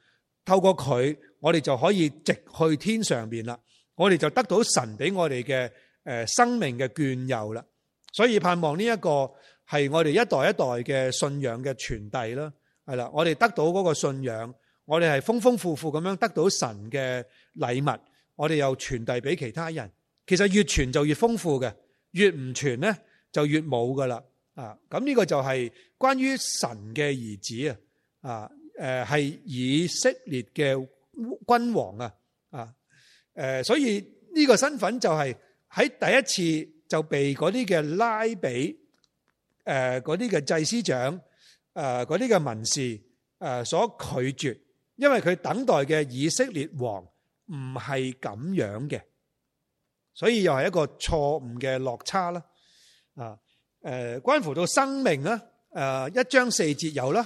透過佢，我哋就可以直去天上邊啦。我哋就得到神俾我哋嘅誒生命嘅眷佑啦。所以盼望呢一個係我哋一代一代嘅信仰嘅傳遞啦。係啦，我哋得到嗰個信仰，我哋係豐豐富富咁樣得到神嘅禮物，我哋又傳遞俾其他人。其實越傳就越豐富嘅，越唔傳咧就越冇噶啦。啊，咁呢個就係關於神嘅兒子啊。啊。誒，係以色列嘅君王啊，啊，誒，所以呢個身份就係喺第一次就被嗰啲嘅拉比，誒，嗰啲嘅祭司長，誒，嗰啲嘅文士，誒，所拒絕，因為佢等待嘅以色列王唔係咁樣嘅，所以又係一個錯誤嘅落差啦，啊，誒，關乎到生命啦，誒，一章四節有啦。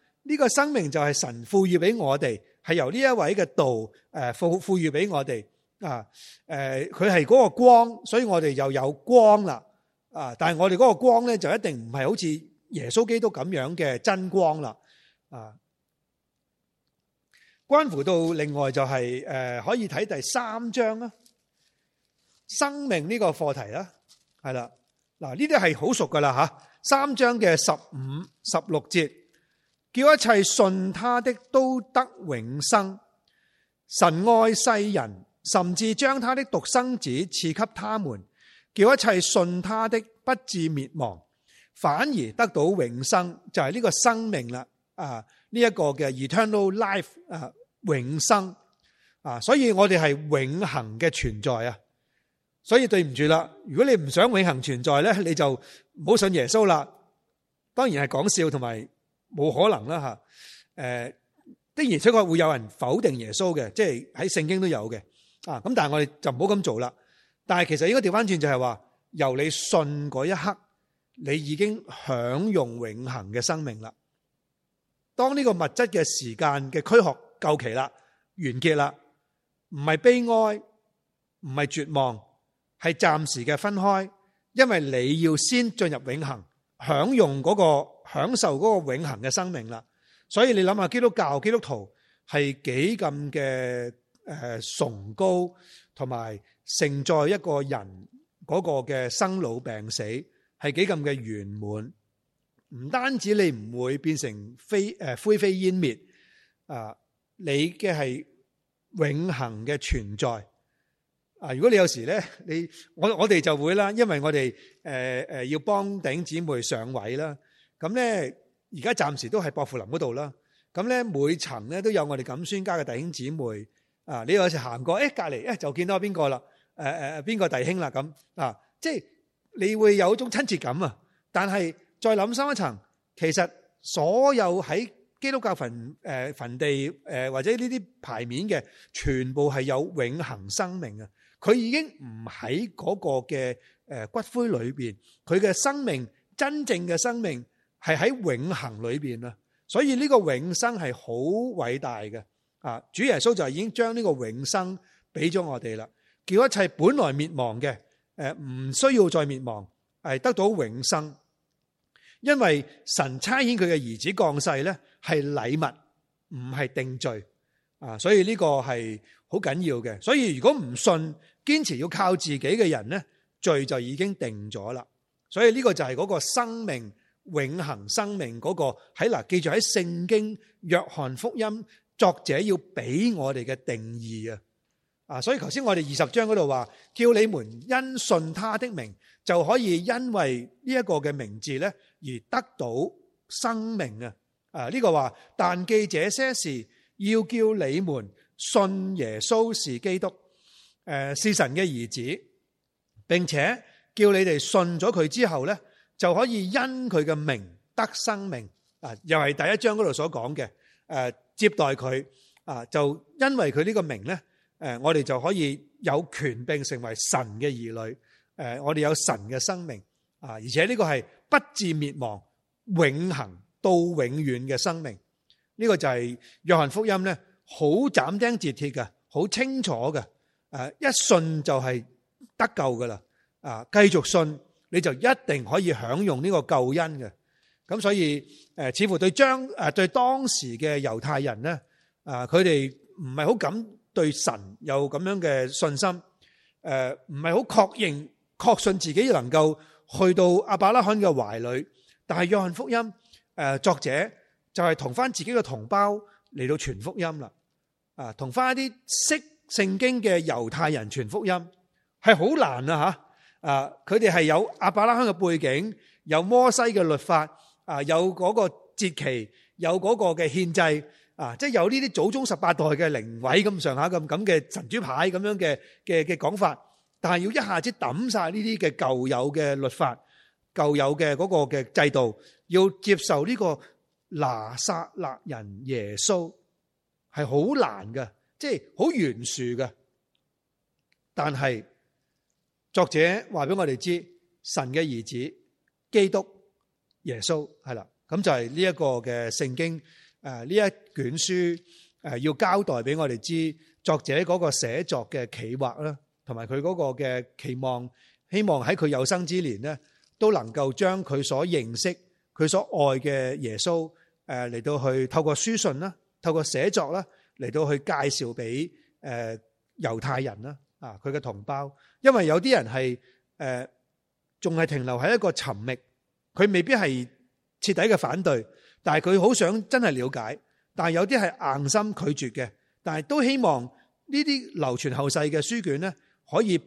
呢個生命就係神賦予俾我哋，係由呢一位嘅道誒賦賦予俾我哋啊誒，佢係嗰個光，所以我哋又有光啦啊！但係我哋嗰個光咧，就一定唔係好似耶穌基督咁樣嘅真光啦啊！關乎到另外就係誒，可以睇第三章啦，生命呢個課題啦，係啦嗱，呢啲係好熟噶啦吓，三章嘅十五、十六節。叫一切信他的都得永生。神愛世人，甚至將他的獨生子賜給他們，叫一切信他的不至滅亡，反而得到永生。就係呢個生命啦，啊呢一個嘅 eternal life 啊永生啊，所以我哋係永恒嘅存在啊。所以對唔住啦，如果你唔想永恒存在咧，你就唔好信耶穌啦。當然係講笑同埋。冇可能啦吓，誒，的而且確會有人否定耶穌嘅，即係喺聖經都有嘅。啊，咁但係我哋就唔好咁做啦。但係其實應該調翻轉，就係話由你信嗰一刻，你已經享用永恒嘅生命啦。當呢個物質嘅時間嘅軀殼夠期啦，完結啦，唔係悲哀，唔係絕望，係暫時嘅分開，因為你要先進入永恒，享用嗰個。享受嗰個永恆嘅生命啦，所以你諗下基督教基督徒，係幾咁嘅，誒崇高，同埋承載一個人嗰個嘅生老病死係幾咁嘅圓滿。唔單止你唔會變成飛誒灰飛煙滅啊，你嘅係永恆嘅存在啊。如果你有時咧，你我我哋就會啦，因為我哋誒誒要幫頂姊妹上位啦。咁咧，而家暫時都係薄扶林嗰度啦。咁咧，每層咧都有我哋錦孫家嘅弟兄姊妹。啊，你有時行過，誒隔離，誒就見到邊個啦？誒誒邊個弟兄啦？咁啊，即係你會有一種親切感啊。但係再諗深一層，其實所有喺基督教墳誒墳地誒或者呢啲牌面嘅，全部係有永恆生命啊！佢已經唔喺嗰個嘅誒骨灰裏邊，佢嘅生命，真正嘅生命。係喺永恆裏邊啦，所以呢個永生係好偉大嘅啊！主耶穌就已經將呢個永生俾咗我哋啦，叫一切本來滅亡嘅，誒唔需要再滅亡，係得到永生。因為神差遣佢嘅兒子降世咧，係禮物，唔係定罪啊！所以呢個係好緊要嘅。所以如果唔信，堅持要靠自己嘅人咧，罪就已經定咗啦。所以呢個就係嗰個生命。永恆生命嗰個喺嗱，記住喺聖經約翰福音作者要俾我哋嘅定義啊啊！所以頭先我哋二十章嗰度話，叫你們因信他的名，就可以因為呢一個嘅名字咧而得到生命啊啊！呢個話，但記這些事，要叫你們信耶穌是基督，誒，是神嘅兒子，並且叫你哋信咗佢之後咧。就可以因佢嘅名得生命啊！又係第一章嗰度所講嘅，誒接待佢啊，就因為佢呢個名咧，誒我哋就可以有權柄成為神嘅兒女，誒我哋有神嘅生命啊！而且呢個係不至滅亡、永恆到永遠嘅生命。呢個就係約翰福音咧，好斬釘截鐵嘅，好清楚嘅，誒一信就係得救㗎喇啊！繼續信。你就一定可以享用呢個救恩嘅，咁所以誒，似乎對將誒對當時嘅猶太人咧，啊，佢哋唔係好敢對神有咁樣嘅信心，誒，唔係好確認、確信自己能夠去到阿伯拉罕嘅懷裏，但係約翰福音誒作者就係同翻自己嘅同胞嚟到傳福音啦，啊，同翻一啲識聖經嘅猶太人傳福音係好難啊吓。啊！佢哋係有亞伯拉罕嘅背景，有摩西嘅律法，啊，有嗰個節期，有嗰個嘅憲制，啊，即係有呢啲祖宗十八代嘅靈位咁上下咁咁嘅神主牌咁樣嘅嘅嘅講法，但係要一下子抌晒呢啲嘅舊有嘅律法、舊有嘅嗰個嘅制度，要接受呢個拿撒勒人耶穌係好難噶，即係好懸殊噶，但係。作者話俾我哋知，神嘅兒子基督耶穌係啦，咁就係呢一個嘅聖經誒呢一卷書誒要交代俾我哋知作者嗰個寫作嘅企劃啦，同埋佢嗰個嘅期望，希望喺佢有生之年呢，都能夠將佢所認識、佢所愛嘅耶穌誒嚟到去透過書信啦，透過寫作啦嚟到去介紹俾誒猶太人啦。啊！佢嘅同胞，因為有啲人係誒，仲係停留喺一個尋覓，佢未必係徹底嘅反對，但係佢好想真係了解。但係有啲係硬心拒絕嘅，但係都希望呢啲流傳後世嘅書卷呢，可以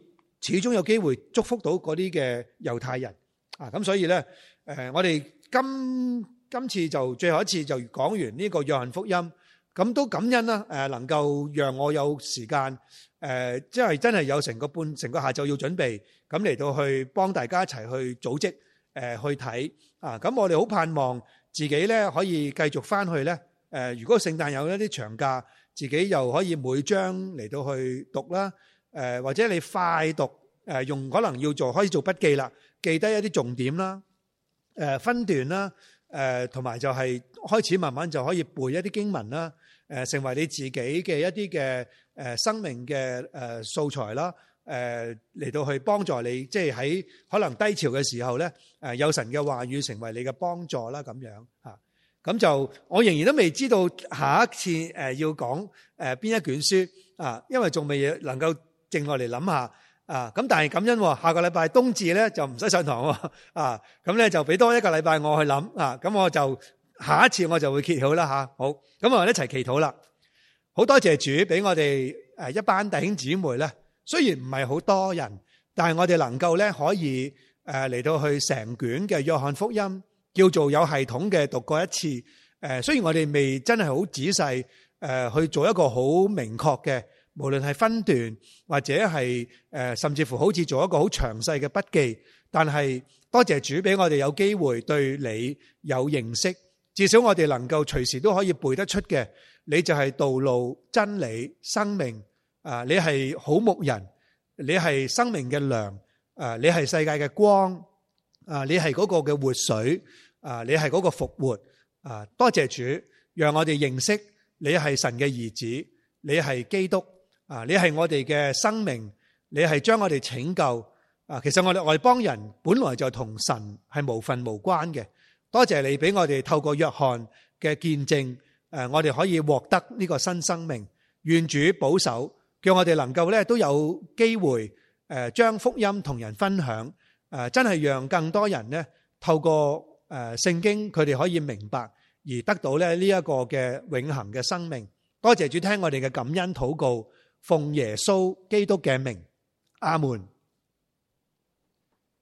始終有機會祝福到嗰啲嘅猶太人啊！咁所以呢，誒，我哋今今次就最後一次就講完呢個約翰福音。咁都感恩啦，誒能夠讓我有時間，誒即係真係有成個半成個下晝要準備，咁嚟到去幫大家一齊去組織，誒去睇啊！咁我哋好盼望自己咧可以繼續翻去咧，誒如果聖誕有一啲長假，自己又可以每章嚟到去讀啦，誒或者你快讀，誒用可能要做可以做筆記啦，記低一啲重點啦，誒分段啦，誒同埋就係開始慢慢就可以背一啲經文啦。誒，成為你自己嘅一啲嘅，誒生命嘅誒素材啦，誒嚟到去幫助你，即係喺可能低潮嘅時候咧，誒有神嘅話語成為你嘅幫助啦，咁樣吓，咁就我仍然都未知道下一次誒要講誒邊一卷書啊，因為仲未能夠靜落嚟諗下啊，咁但係感恩啊，下個禮拜冬至咧就唔使上堂啊，咁咧就俾多一個禮拜我去諗啊，咁我就。下一次我就會揭好啦吓，好，咁我哋一齊祈禱啦。好多謝主俾我哋誒一班弟兄姊妹咧，雖然唔係好多人，但係我哋能夠咧可以誒嚟到去成卷嘅約翰福音，叫做有系統嘅讀過一次。誒雖然我哋未真係好仔細誒去做一個好明確嘅，無論係分段或者係誒甚至乎好似做一個好詳細嘅筆記，但係多謝主俾我哋有機會對你有認識。至少我哋能夠隨時都可以背得出嘅，你就係道路、真理、生命啊！你係好牧人，你係生命嘅糧啊！你係世界嘅光啊！你係嗰個嘅活水啊！你係嗰個復活啊！多謝主，讓我哋認識你係神嘅兒子，你係基督啊！你係我哋嘅生命，你係將我哋拯救啊！其實我哋外邦人本來就同神係無份無關嘅。多謝你俾我哋透過約翰嘅見證，誒，我哋可以獲得呢個新生命。願主保守，叫我哋能夠咧都有機會誒將福音同人分享，誒，真係讓更多人咧透過誒聖經，佢哋可以明白而得到咧呢一個嘅永恒嘅生命。多謝主聽我哋嘅感恩禱告，奉耶穌基督嘅名，阿門。